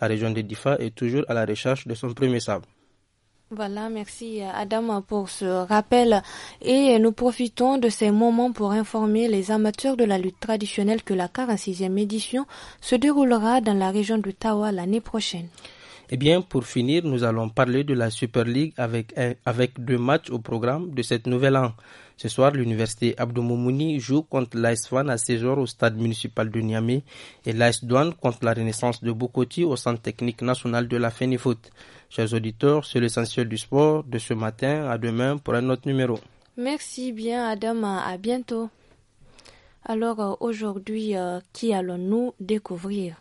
La région de Difa est toujours à la recherche de son premier sabre. Voilà, merci Adam pour ce rappel. Et nous profitons de ces moments pour informer les amateurs de la lutte traditionnelle que la 46e édition se déroulera dans la région de Tawa l'année prochaine. Eh bien, pour finir, nous allons parler de la Super League avec, avec deux matchs au programme de cette nouvelle année. Ce soir, l'université Abdou joue contre l'AS à 16h au stade municipal de Niamey et l'AS contre la Renaissance de Bokoti au centre technique national de la Fenifoot. Chers auditeurs, c'est l'essentiel du sport de ce matin à demain pour un autre numéro. Merci bien Adam, à bientôt. Alors euh, aujourd'hui, euh, qui allons-nous découvrir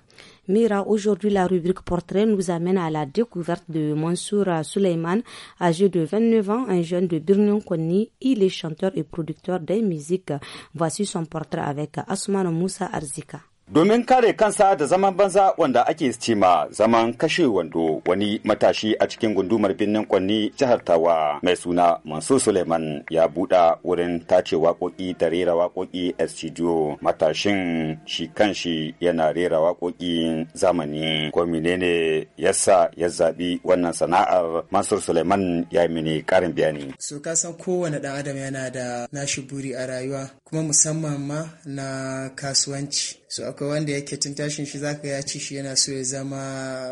Mira, aujourd'hui, la rubrique portrait nous amène à la découverte de Mansour Suleiman, âgé de 29 ans, un jeune de birnion Koni. Il est chanteur et producteur de musique. Voici son portrait avec Asman Moussa Arzika. Domin kare kansa da zaman banza wanda ake cema zaman kashe wando wani matashi a cikin gundumar birnin Kwanni jihar Tawa mai suna Mansur Suleiman ya buɗa wurin tace waƙoƙi da rera waƙoƙi a studio matashin shi kanshi yana rera waƙoƙi zamani ko menene yasa ya zaɓi wannan sana'ar Mansur Suleiman ya yi mini ƙarin bayani. So ka san kowane ɗan adam yana da nashi buri a rayuwa kuma musamman ma na kasuwanci. so akwai wanda yake tun tashin shi zaka ya ci shi yana so ya zama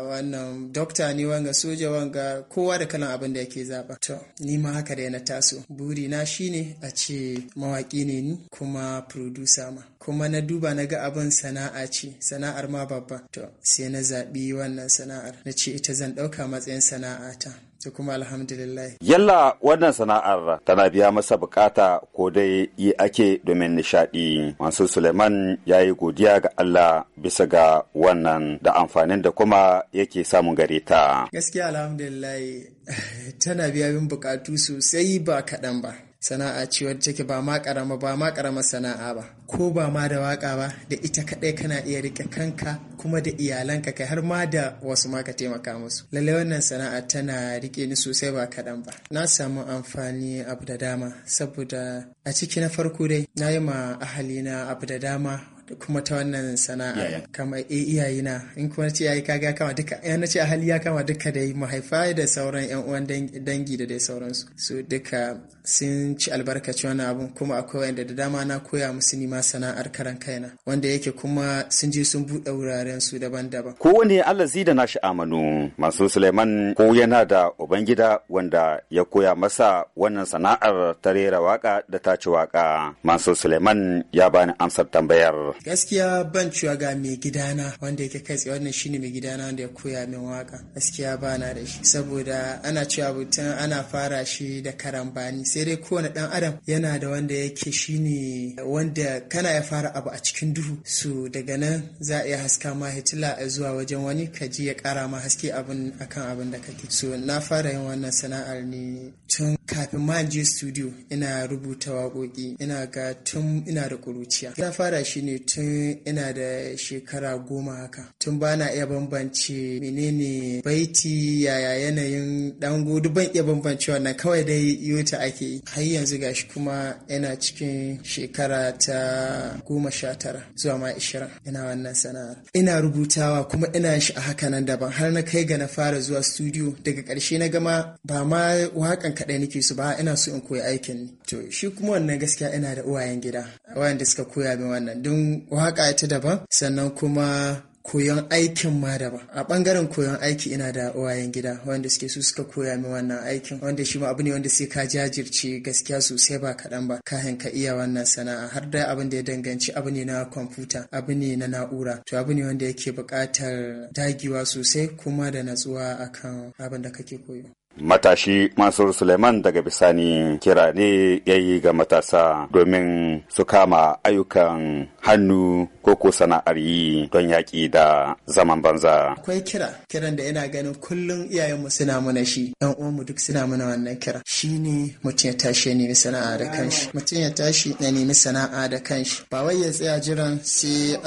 wannan dokta ne wanga soja wanga kowa da kalan abin da yake zaba to ni ma haka da na taso buri na shine a ce mawaki ne ni kuma producer ma kuma na duba na ga abin sana'a ce sana'ar ma babba to sai na zaɓi wannan sana'ar na ce ita zan ɗauka matsayin sana'a ta. sai kuma alhamdulillah. Yalla wannan sana'ar tana biya masa bukata ko dai yi ake domin nishaɗi. masu Suleiman ya yi godiya ga Allah bisa ga wannan da amfanin da kuma yake samun gare ta. Gaskiya alhamdulillah tana biya min bukatu sosai ba kaɗan ba. sana'a ce wadda take ba ma karama ba ma karama sana'a ba ko ba ma da waka ba da ita kadai kana iya rike kanka kuma da iyalanka kai har ma da wasu ma ka taimaka musu lalle wannan sana'a tana rike ni sosai ba kadan ba na samu amfani abu da dama saboda a ciki na farko dai na yi ma ahali na abu da dama kuma ta wannan sana'a kama e iyaye eh, na in kuma ce yayi kaga kama duka ce a hali ya kama duka dai mahaifa da sauran yan uwan dangi da dai sauransu su duka sun ci albarkaci wannan abun kuma akwai wanda da dama na koya musu nima sana'ar karan kaina wanda yake kuma sun je sun buɗe wuraren su daban-daban kowane zai da nashi amanu masu suleiman ko yana da ubangida wanda ya koya masa wannan sana'ar ta rera waka da tace waka masu suleiman ya bani amsar tambayar Gaskiya ban cewa ga mai gidana wanda yake kai tsaye wannan shine mai gidana wanda ya koya min waka. Gaskiya bana da shi saboda ana cewa butun ana fara shi da karambani sai dai kowane dan adam yana da wanda yake shine wanda kana ya fara abu a cikin duhu su daga nan za a iya haska ma hitila zuwa wajen wani kaji ya kara ma haske abin akan abin da kake so na fara yin wannan sana'ar ne tun kafin ma je studio ina rubuta waƙoƙi ina ga tun ina da ƙuruciya na fara shi ne tun ina da shekara goma haka tun ba na iya bambance menene baiti yaya yanayin dango duk ban iya bambance wannan kawai dai yota ake yi har yanzu gashi kuma yana cikin shekara ta goma sha tara zuwa ma ishirin ina wannan sana'ar ina rubutawa kuma ina shi a haka nan daban har na kai ga na fara zuwa studio daga ƙarshe na gama ba ma wakan kaɗai nake su ba ina so in koyi aikin To shi kuma wannan gaskiya ina da uwayen gida wayanda suka koya min wannan don waka ta daban sannan kuma koyon aikin ma daban a bangaren koyon aiki ina da uwayen gida wanda suke su suka koya min wannan aikin wanda shi ma abu ne wanda sai ka jajirce gaskiya sosai ba kaɗan ba kahin ka iya wannan sana'a har da abin da ya danganci abu ne na kwamfuta abu ne na na'ura to abu ne wanda yake buƙatar dagewa sosai kuma da natsuwa akan abin da kake koyo matashi Mansur Suleiman daga bisani kira ne yayi ga matasa domin su kama ayyukan hannu ko ko sana'ar yi don yaƙi da zaman banza. Akwai kira, kiran da yana ganin kullum iyayenmu suna mana shi, ɗan uwanmu duk suna mana wannan kira. Shi ne mutum ya tashi ya nemi sana'a da kanshi. Mutum ya tashi ya nemi sana'a da kanshi. Ba wai ya tsaya jiran sai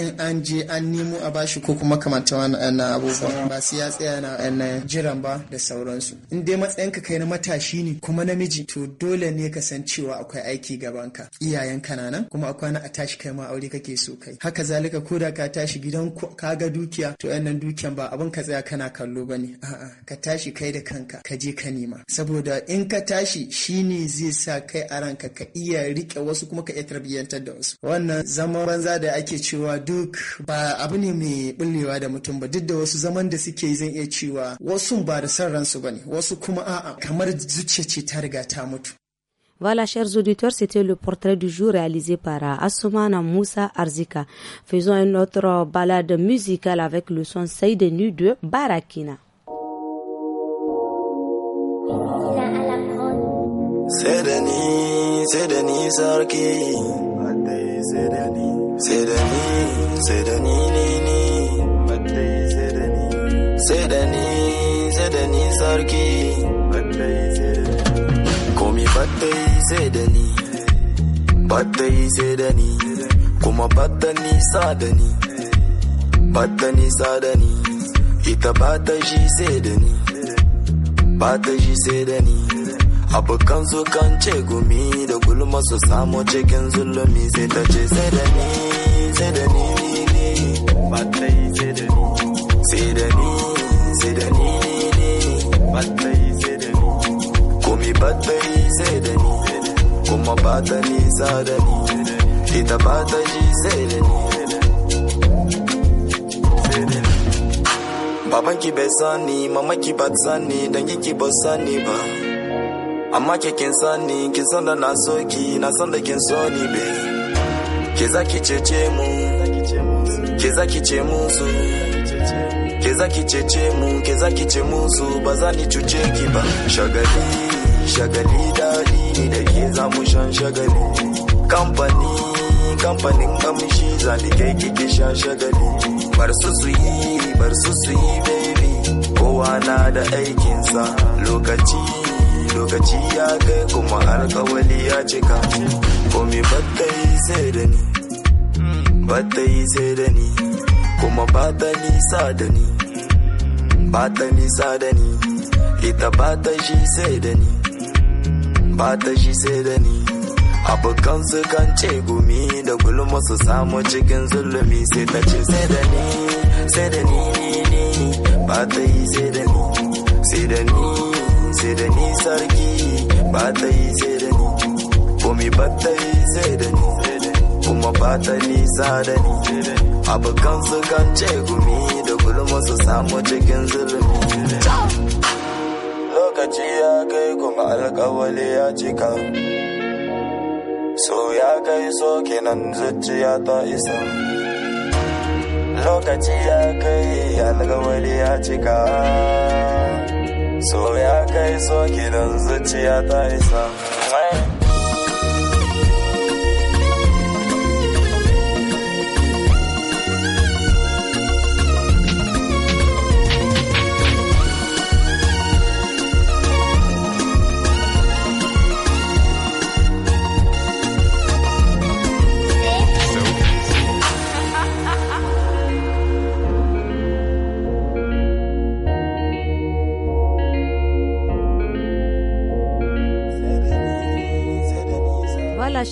in an je an nemo a bashi ko kuma kamanta wannan abubuwa. Ba sai ya tsaya na jiran ba da sauransu. In dai ka kai na matashi ne kuma namiji to dole ne ka san cewa akwai aiki gabanka. Iyayenka na nan kuma akwai na a tashi kai ma ma aure kake so kai haka zalika ko da ka tashi gidan ka ga dukiya to nan dukiyan ba abin ka tsaya kana kallo bane a'a ka tashi kai da kanka ka je ka nema saboda in ka tashi shine zai sa kai a ranka ka iya rike wasu kuma ka iya tarbiyyantar da wasu wannan zaman banza da ake cewa duk ba abu ne mai bullewa da mutum ba duk da wasu zaman da suke zan iya cewa wasu ba da san ransu bane wasu kuma a'a kamar zuciya ce ta riga ta mutu Voilà, chers auditeurs, c'était le portrait du jour réalisé par euh, Assoumana Moussa Arzika. Faisons une autre balade musicale avec le son Saïdenu de Barakina. C'est Denis, c'est Denis Sarki. C'est Denis, c'est Denis, c'est Denis Nini. C'est Denis, c'est Denis Sarki. Batayze da ni Batayze Kuma bata nisa da ni Bata nisa Ita bata shi sai ni Bata shi sai da ni Abokan su kan ce gumi da gulma su samu cikin zulumi sai ta ce sai da ni sai da ni Bata yi sai da kuma ba ta nisa da ni ita ba ji sai da ni babanki bai sani mamaki ba ta sani danginki ba sani ba amma ke kin sani kin san da na so ki na san da kin so ni be ke za ki cece mu ke za ki ce musu ke za ki cece mu ke za ki ce musu ba za ni cuce ki ba shagali shagali dadi ni da ke za mu shan shagali kamfani kamfanin amshi za ni kai kike shan shagali bar su su yi bar su su yi baby kowa na da aikinsa lokaci lokaci ya kai kuma alkawali ya cika komi batta yi sai da ni batta yi sai da ni kuma bata sa da ni bata sa da ni ita bata shi sai da ni fata shi sai da ni abokan su kan ce gumi da gulma su samu cikin zulumi sai ta ce sai da ni sai da ni ni ni ba ta yi sai da ni sai da ni sai da ni sarki ba ta yi sai da ni komi ba ta yi sai da ni kuma ba ta nisa da ni abokan su kan ce gumi da gulma su samu cikin zulumi lokaci ya kai kuma alkawali ya cika so ya kai so kenan zuciya ta isa lokaci ya kai alkawali ya cika so ya kai so kenan zuciya ta isa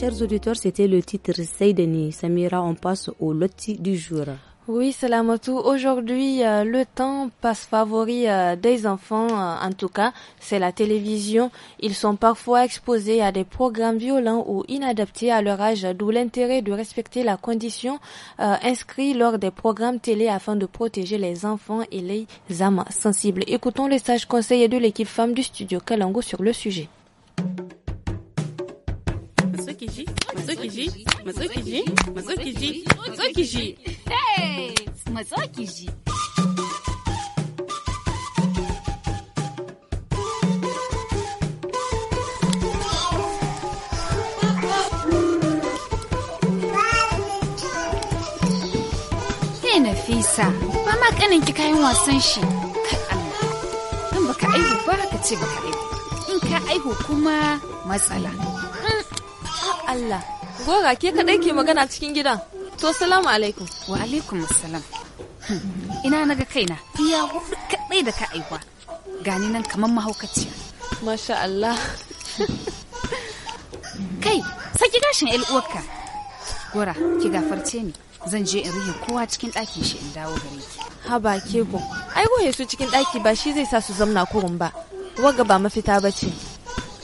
chers auditeurs, c'était le titre Seydeni. Samira, on passe au loti du jour. Oui, Salamatou. Aujourd'hui, euh, le temps passe favori euh, des enfants, euh, en tout cas, c'est la télévision. Ils sont parfois exposés à des programmes violents ou inadaptés à leur âge, d'où l'intérêt de respecter la condition inscrite lors des programmes télé afin de protéger les enfants et les âmes sensibles. Écoutons les sages conseillers de l'équipe femme du studio Kalango sur le sujet. matsukiji Nafisa, ba ma ki kayan wasan shi. In baka aihu ba ka baka aihu. In ka aihu kuma matsala. Allah, gora ke kaɗai ke magana cikin gidan. To, salamu alaikum. Wa alaikum salam. Hmm. Ina naga kaina, fiya hudu kaɗai da ka aiwa. Gani nan kamar mahaukaciya. Masha Allah. Kai, saki gashin uwarka. Gora, ki gafarce ni. Zan je in rufe kowa cikin ɗakin shi in dawo gare ki. Haba ke ku. ai goye su cikin ɗaki ba shi zai sa su zamna kurun ba. Waga ba mafita ba ce.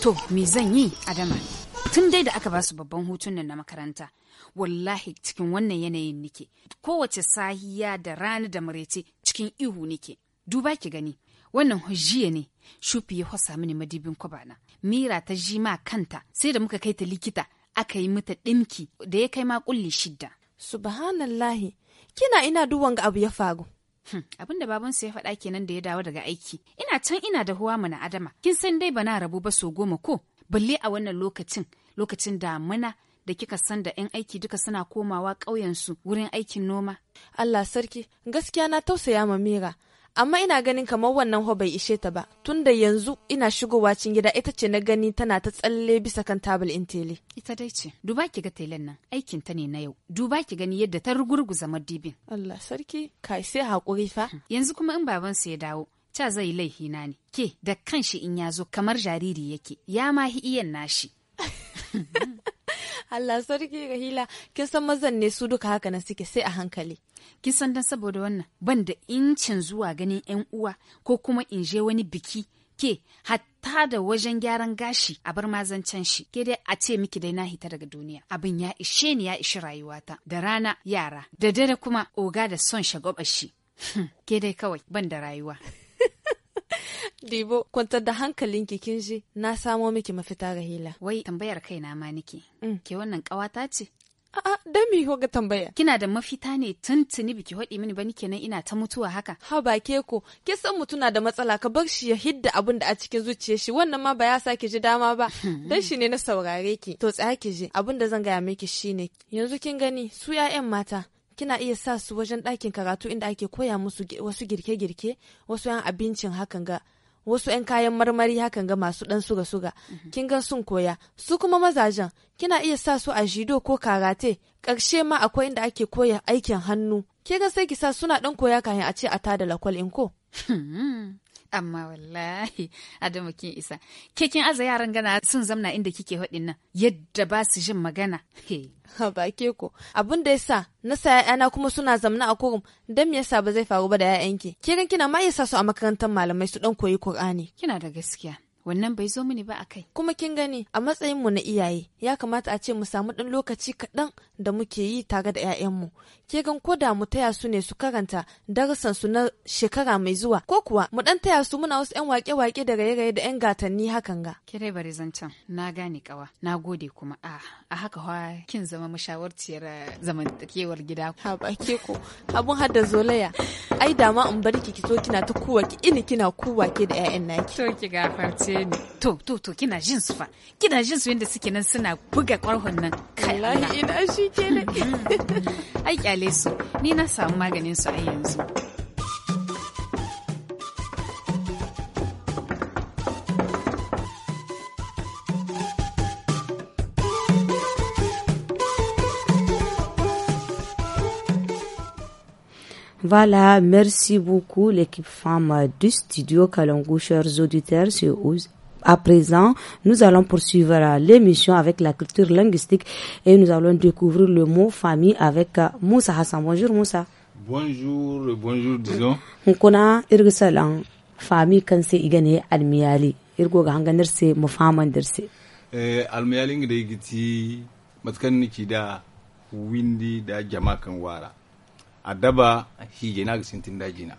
To, me zan yi, Adama? tun dai da aka basu babban hutun nan na makaranta wallahi cikin wannan yanayin nike kowace sahiya da rana da marece cikin ihu nike duba ki gani wannan hujiya ne shufi ya hwasa mini madibin kwabana mira ta ji ma kanta sai da muka kai ta likita aka yi mata ɗimki da ya kai ma kulli shidda subhanallahi kina ina duwan ga abu ya faru hmm, abin da babansa ya faɗa kenan da ya dawo daga aiki ina can ina da huwa mana adama kin san dai bana rabu ba so goma ko balle a wannan lokacin lokacin damuna da kika san da 'yan aiki duka suna komawa ƙauyensu wurin aikin noma. Allah sarki, gaskiya na tausaya ma Mira, amma ina ganin kamar wannan ho bai ishe ta ba, tun da yanzu ina shigowa cin gida ita ce na gani tana ta tsalle bisa kan tabul in tele. Ita dai ce, duba ki ga telen nan, aikin ta ne na yau, duba ki gani yadda ta rugurguza madibin. Allah sarki, kai sai haƙuri fa. Yanzu kuma in babansu ya dawo, ca zai laifi na ne ke da kanshi in ya zo kamar jariri yake ya ma iyan nashi Allah sarki ga hila kin san mazan ne su duka haka na suke sai a hankali kin san dan saboda wannan ban da incin zuwa ganin yan uwa ko kuma in je wani biki ke hatta da wajen gyaran gashi a bar mazancan shi ke dai a ce miki dai na hita daga duniya abin ya ishe ni ya ishi rayuwata da rana yara da dare kuma oga da son shagobar shi ke dai kawai ban da rayuwa Dibo, kwantar da hankalin kin ji na samo miki mafita ga hila. Wai tambayar kaina ma nike. Mm. Ke wannan kawata ce? A'a, don mi ga tambaya. Kina da mafita ne tuntuni biki haɗi mini bani kenan ina ta mutuwa haka. Ha ba ke ko, ke san na da matsala ka bar shi ya hidda abin da a cikin zuciyar shi wannan ma ba ya sa ki ji dama ba. Dan shi ne na saurare ki. To tsaya ki ji, abin da zan gaya miki shine yanzu kin gani su 'ya'yan mata kina iya sa su wajen ɗakin karatu inda ake koya musu wasu girke-girke, wasu 'yan abincin hakan ga wasu 'yan kayan marmari hakan ga masu ɗan suga-suga mhm. kin ga sun koya su kuma mazajen kina iya sa su a jido ko karate ƙarshe ma akwai inda ake koya aikin hannu ke ga sai ki sa suna ɗan koya kayan a ce a tada lakwal in ko hmm. amma wallahi adamu kin isa ke kin aza yaran gana sun zamna inda kike haɗin nan yadda ba su jin magana ha ba ke ko abin da yasa na sa yana kuma suna zamna a kurum dan me yasa ba zai faru ba da ƴaƴanki kirin kina ma sa su a makarantar malamai su dan koyi Kur'ani? kina da gaskiya wannan bai zo mini ba a kai kuma kin gani a matsayin mu na iyaye ya kamata a ce mu samu ɗan lokaci kaɗan da muke yi tare da 'ya'yanmu ke gan ko da mu taya su ne su karanta darasan su na shekara mai zuwa ko kuwa mu ɗan taya su muna wasu 'yan wake-wake da raye-raye da 'yan gatanni hakan ga kirai bari zancen na gane kawa na gode kuma a a haka hawa kin zama mashawarciyar eh, zamantakewar gida ha ba ke ko abun hada zolaya ai dama in bar ki ki so kina ta kuwa ki ini kina kuwa ke da 'ya'yan naki to ki gafarce to to to kina jin su fa kina jin su suke nan suna buga kwarhon nan kai ina shi mm-hmm. ai kyale su ni na samu maganin su a yanzu Voilà, merci beaucoup l'équipe femme du studio Kalangou, chers auditeurs, À présent, nous allons poursuivre l'émission avec la culture linguistique et nous allons découvrir le mot famille avec euh, Moussa Hassan. Bonjour Moussa. Bonjour, bonjour disons. Nkona une famille kanse igane almiyali irgo ga hanganirse mu famandirse. Eh Almiyali, da yigiti matkan niki da windi da jama kan wara. a adaba hije na sintin daji na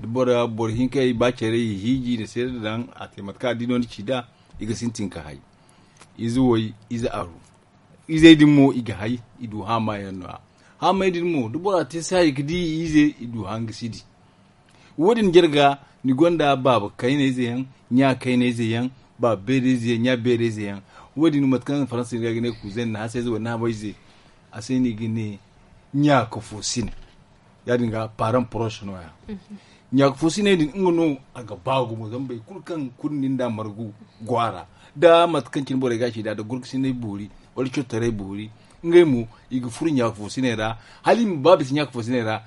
dubara borhin hinkai ba cere hiji da sai da dan a taimatka dinon ci da iga sintin ka hai izu wai iza aru ize dinmo iga hai idu hama yanno hama dinmo dubara te sai gidi ize idu hang sidi wodin jirga ni gonda baba kai ne zai yan nya kai ne zai yan ba bere ze nya bere ze yan wodin matkan faransa ga ne kuzen na sai zuwa na bai ze a sai ni gine nya kofosin yadin ga paran proche waya ya fusi ne din ngono aga bagu mo zambe kulkan kunnin da margu gwara da matkancin bore gashi da da gurksin ne buri wal chotare buri mu furu ya fusi ne halim babis ya fusi ne da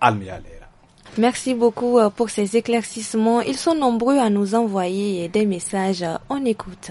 almiyale Merci beaucoup euh, pour ces éclaircissements. Ils sont nombreux à nous envoyer des messages. On écoute.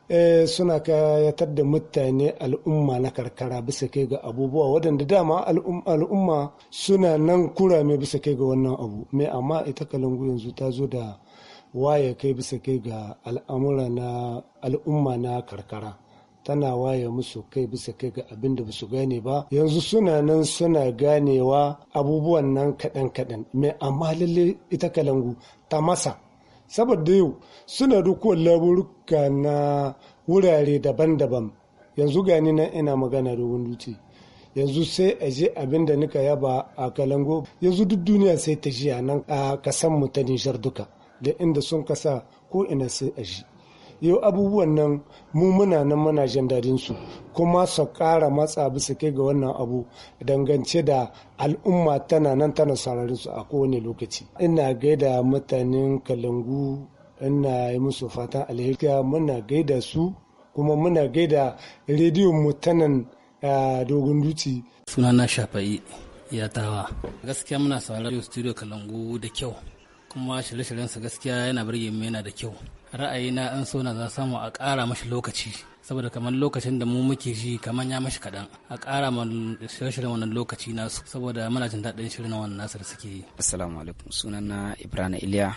Eh, suna kayatar da mutane al'umma na karkara bisa kai ga abubuwa waɗanda dama al'umma suna nan kura mai bisa kai ga wannan abu mai amma ita kalangu yanzu ta zo da waye kai bisa kai ga al'amura na al'umma na karkara tana waye musu kai bisa kai ga abin da su gane ba yanzu suna nan suna ganewa abubuwan nan kaɗan-kaɗan mai amma lalle ita kalangu ta masa saboda yau suna rukuwar laburuka na wurare daban-daban yanzu gani na ina magana da wunduce yanzu sai a je abin da nika yaba a kalango yanzu duk duniya sai ta ji a nan a kasan mu ta nishar duka da inda sun kasa ko ina sai a ji yau abubuwan nan mu muna nan muna jin dadin su kuma su kara matsa bisa kai ga wannan abu dangance da al'umma tana nan tana sararin su a kowane lokaci ina gaida mutanen kalangu ina yi musu fatan alheri muna gaida su kuma muna gaida rediyon mu dogon duci sunana shafa'i ya tawa gaskiya muna sauraron studio kalangu da kyau kuma shirye shiryen sa gaskiya yana birge mu yana da kyau ra'ayina an so na za samu a ƙara mashi lokaci saboda kamar lokacin da mu muke ji kamar ya mashi kaɗan a ƙara ma shirin wannan lokaci nasu saboda muna jin daɗin shirin wannan nasu da suke yi. Assalamu alaikum sunan na Ibrahim Iliya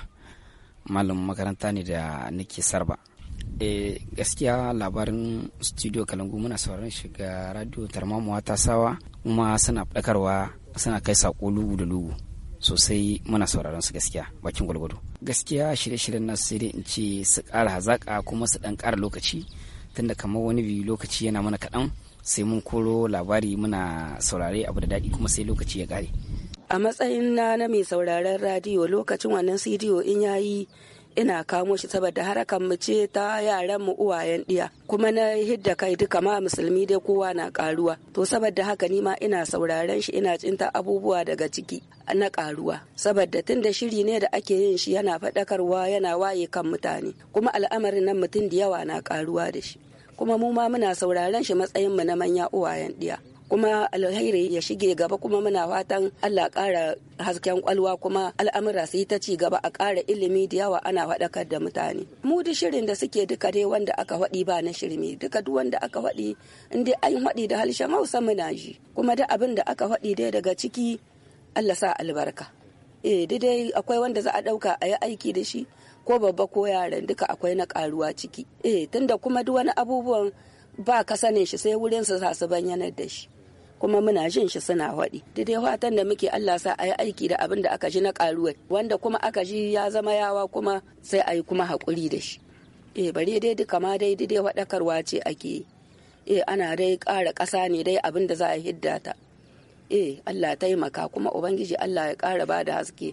malam makaranta ne da nake sarba. E, gaskiya labarin studio kalangu muna sauran shiga radio tarmamuwa ta sawa kuma suna ɗakarwa suna kai saƙo lugu da lugu. sosai muna sauraron su gaskiya bakin gwalgwado gaskiya shirye-shiryen nasu sai dai in ce su ƙara hazaƙa kuma su ɗan ƙara lokaci tunda kamar wani biyu lokaci yana mana kaɗan sai mun koro labari muna saurare abu da daɗi kuma sai lokaci ya ƙare a matsayin na na mai sauraren radiyo lokacin wannan cdo in yayi ina kamo shi saboda harakan mu ce ta yaran mu uwayen diya kuma na hidda kai duka ma musulmi dai kowa na karuwa to saboda haka ni ma ina sauraren shi ina cinta abubuwa daga ciki na karuwa saboda tun da shiri ne da ake yin shi yana faɗakarwa yana waye kan mutane kuma al'amarin nan mutum da yawa na karuwa da shi kuma mu ma muna sauraren shi matsayin mu na manya uwayen diya kuma alheri ya shige gaba kuma muna fatan Allah kara hasken kwalwa kuma al'amura su yi ta ci gaba a kara ilimi da yawa ana faɗakar da mutane mu duk shirin da suke duka dai wanda aka faɗi ba na shirme duka duk wanda aka faɗi in dai an faɗi da harshen Hausa muna ji kuma da abin da aka faɗi dai daga ciki Allah sa albarka eh dai akwai wanda za a ɗauka a yi aiki da shi ko babba ko yaran duka akwai na karuwa ciki eh tunda kuma duk wani abubuwan ba ka sanin shi sai wurin su sa su da shi kuma muna jin shi suna haɗi dai fatan da muke Allah sa a yi aiki da abin da aka ji na karuwa wanda kuma aka ji ya zama yawa kuma sai ayi kuma haƙuri da shi eh bare dai duka ma dai dai waɗakarwa ce ake eh ana dai ƙara ƙasa ne dai abin da za a hidda ta eh Allah taimaka kuma ubangiji Allah ya ƙara bada haske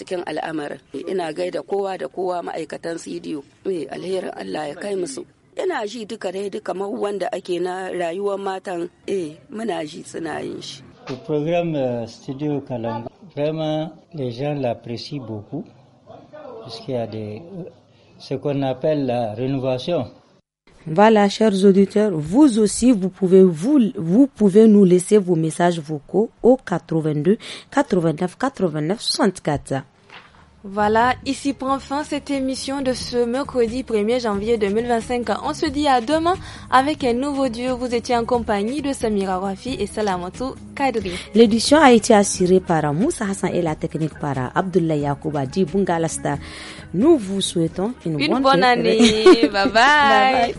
cikin al'amarin eh, ina gaida kowa da kowa ma'aikatan cdo eh alherin Allah ya kai musu ina ji matan Le programme euh, Studio Kalanga, vraiment, les gens l'apprécient beaucoup, puisqu'il y a euh, ce qu'on appelle la rénovation. Voilà, chers auditeurs, vous aussi, vous pouvez, vous, vous pouvez nous laisser vos messages vocaux au 82 89 89 64. Voilà, ici prend fin cette émission de ce mercredi 1er janvier 2025. On se dit à demain avec un nouveau duo. Vous étiez en compagnie de Samira Wafi et Salamatou Kadri. L'édition a été assurée par Moussa Hassan et la technique par Abdullah Yakouba Bungalasta. Nous vous souhaitons une, bonne, année. bye, bye.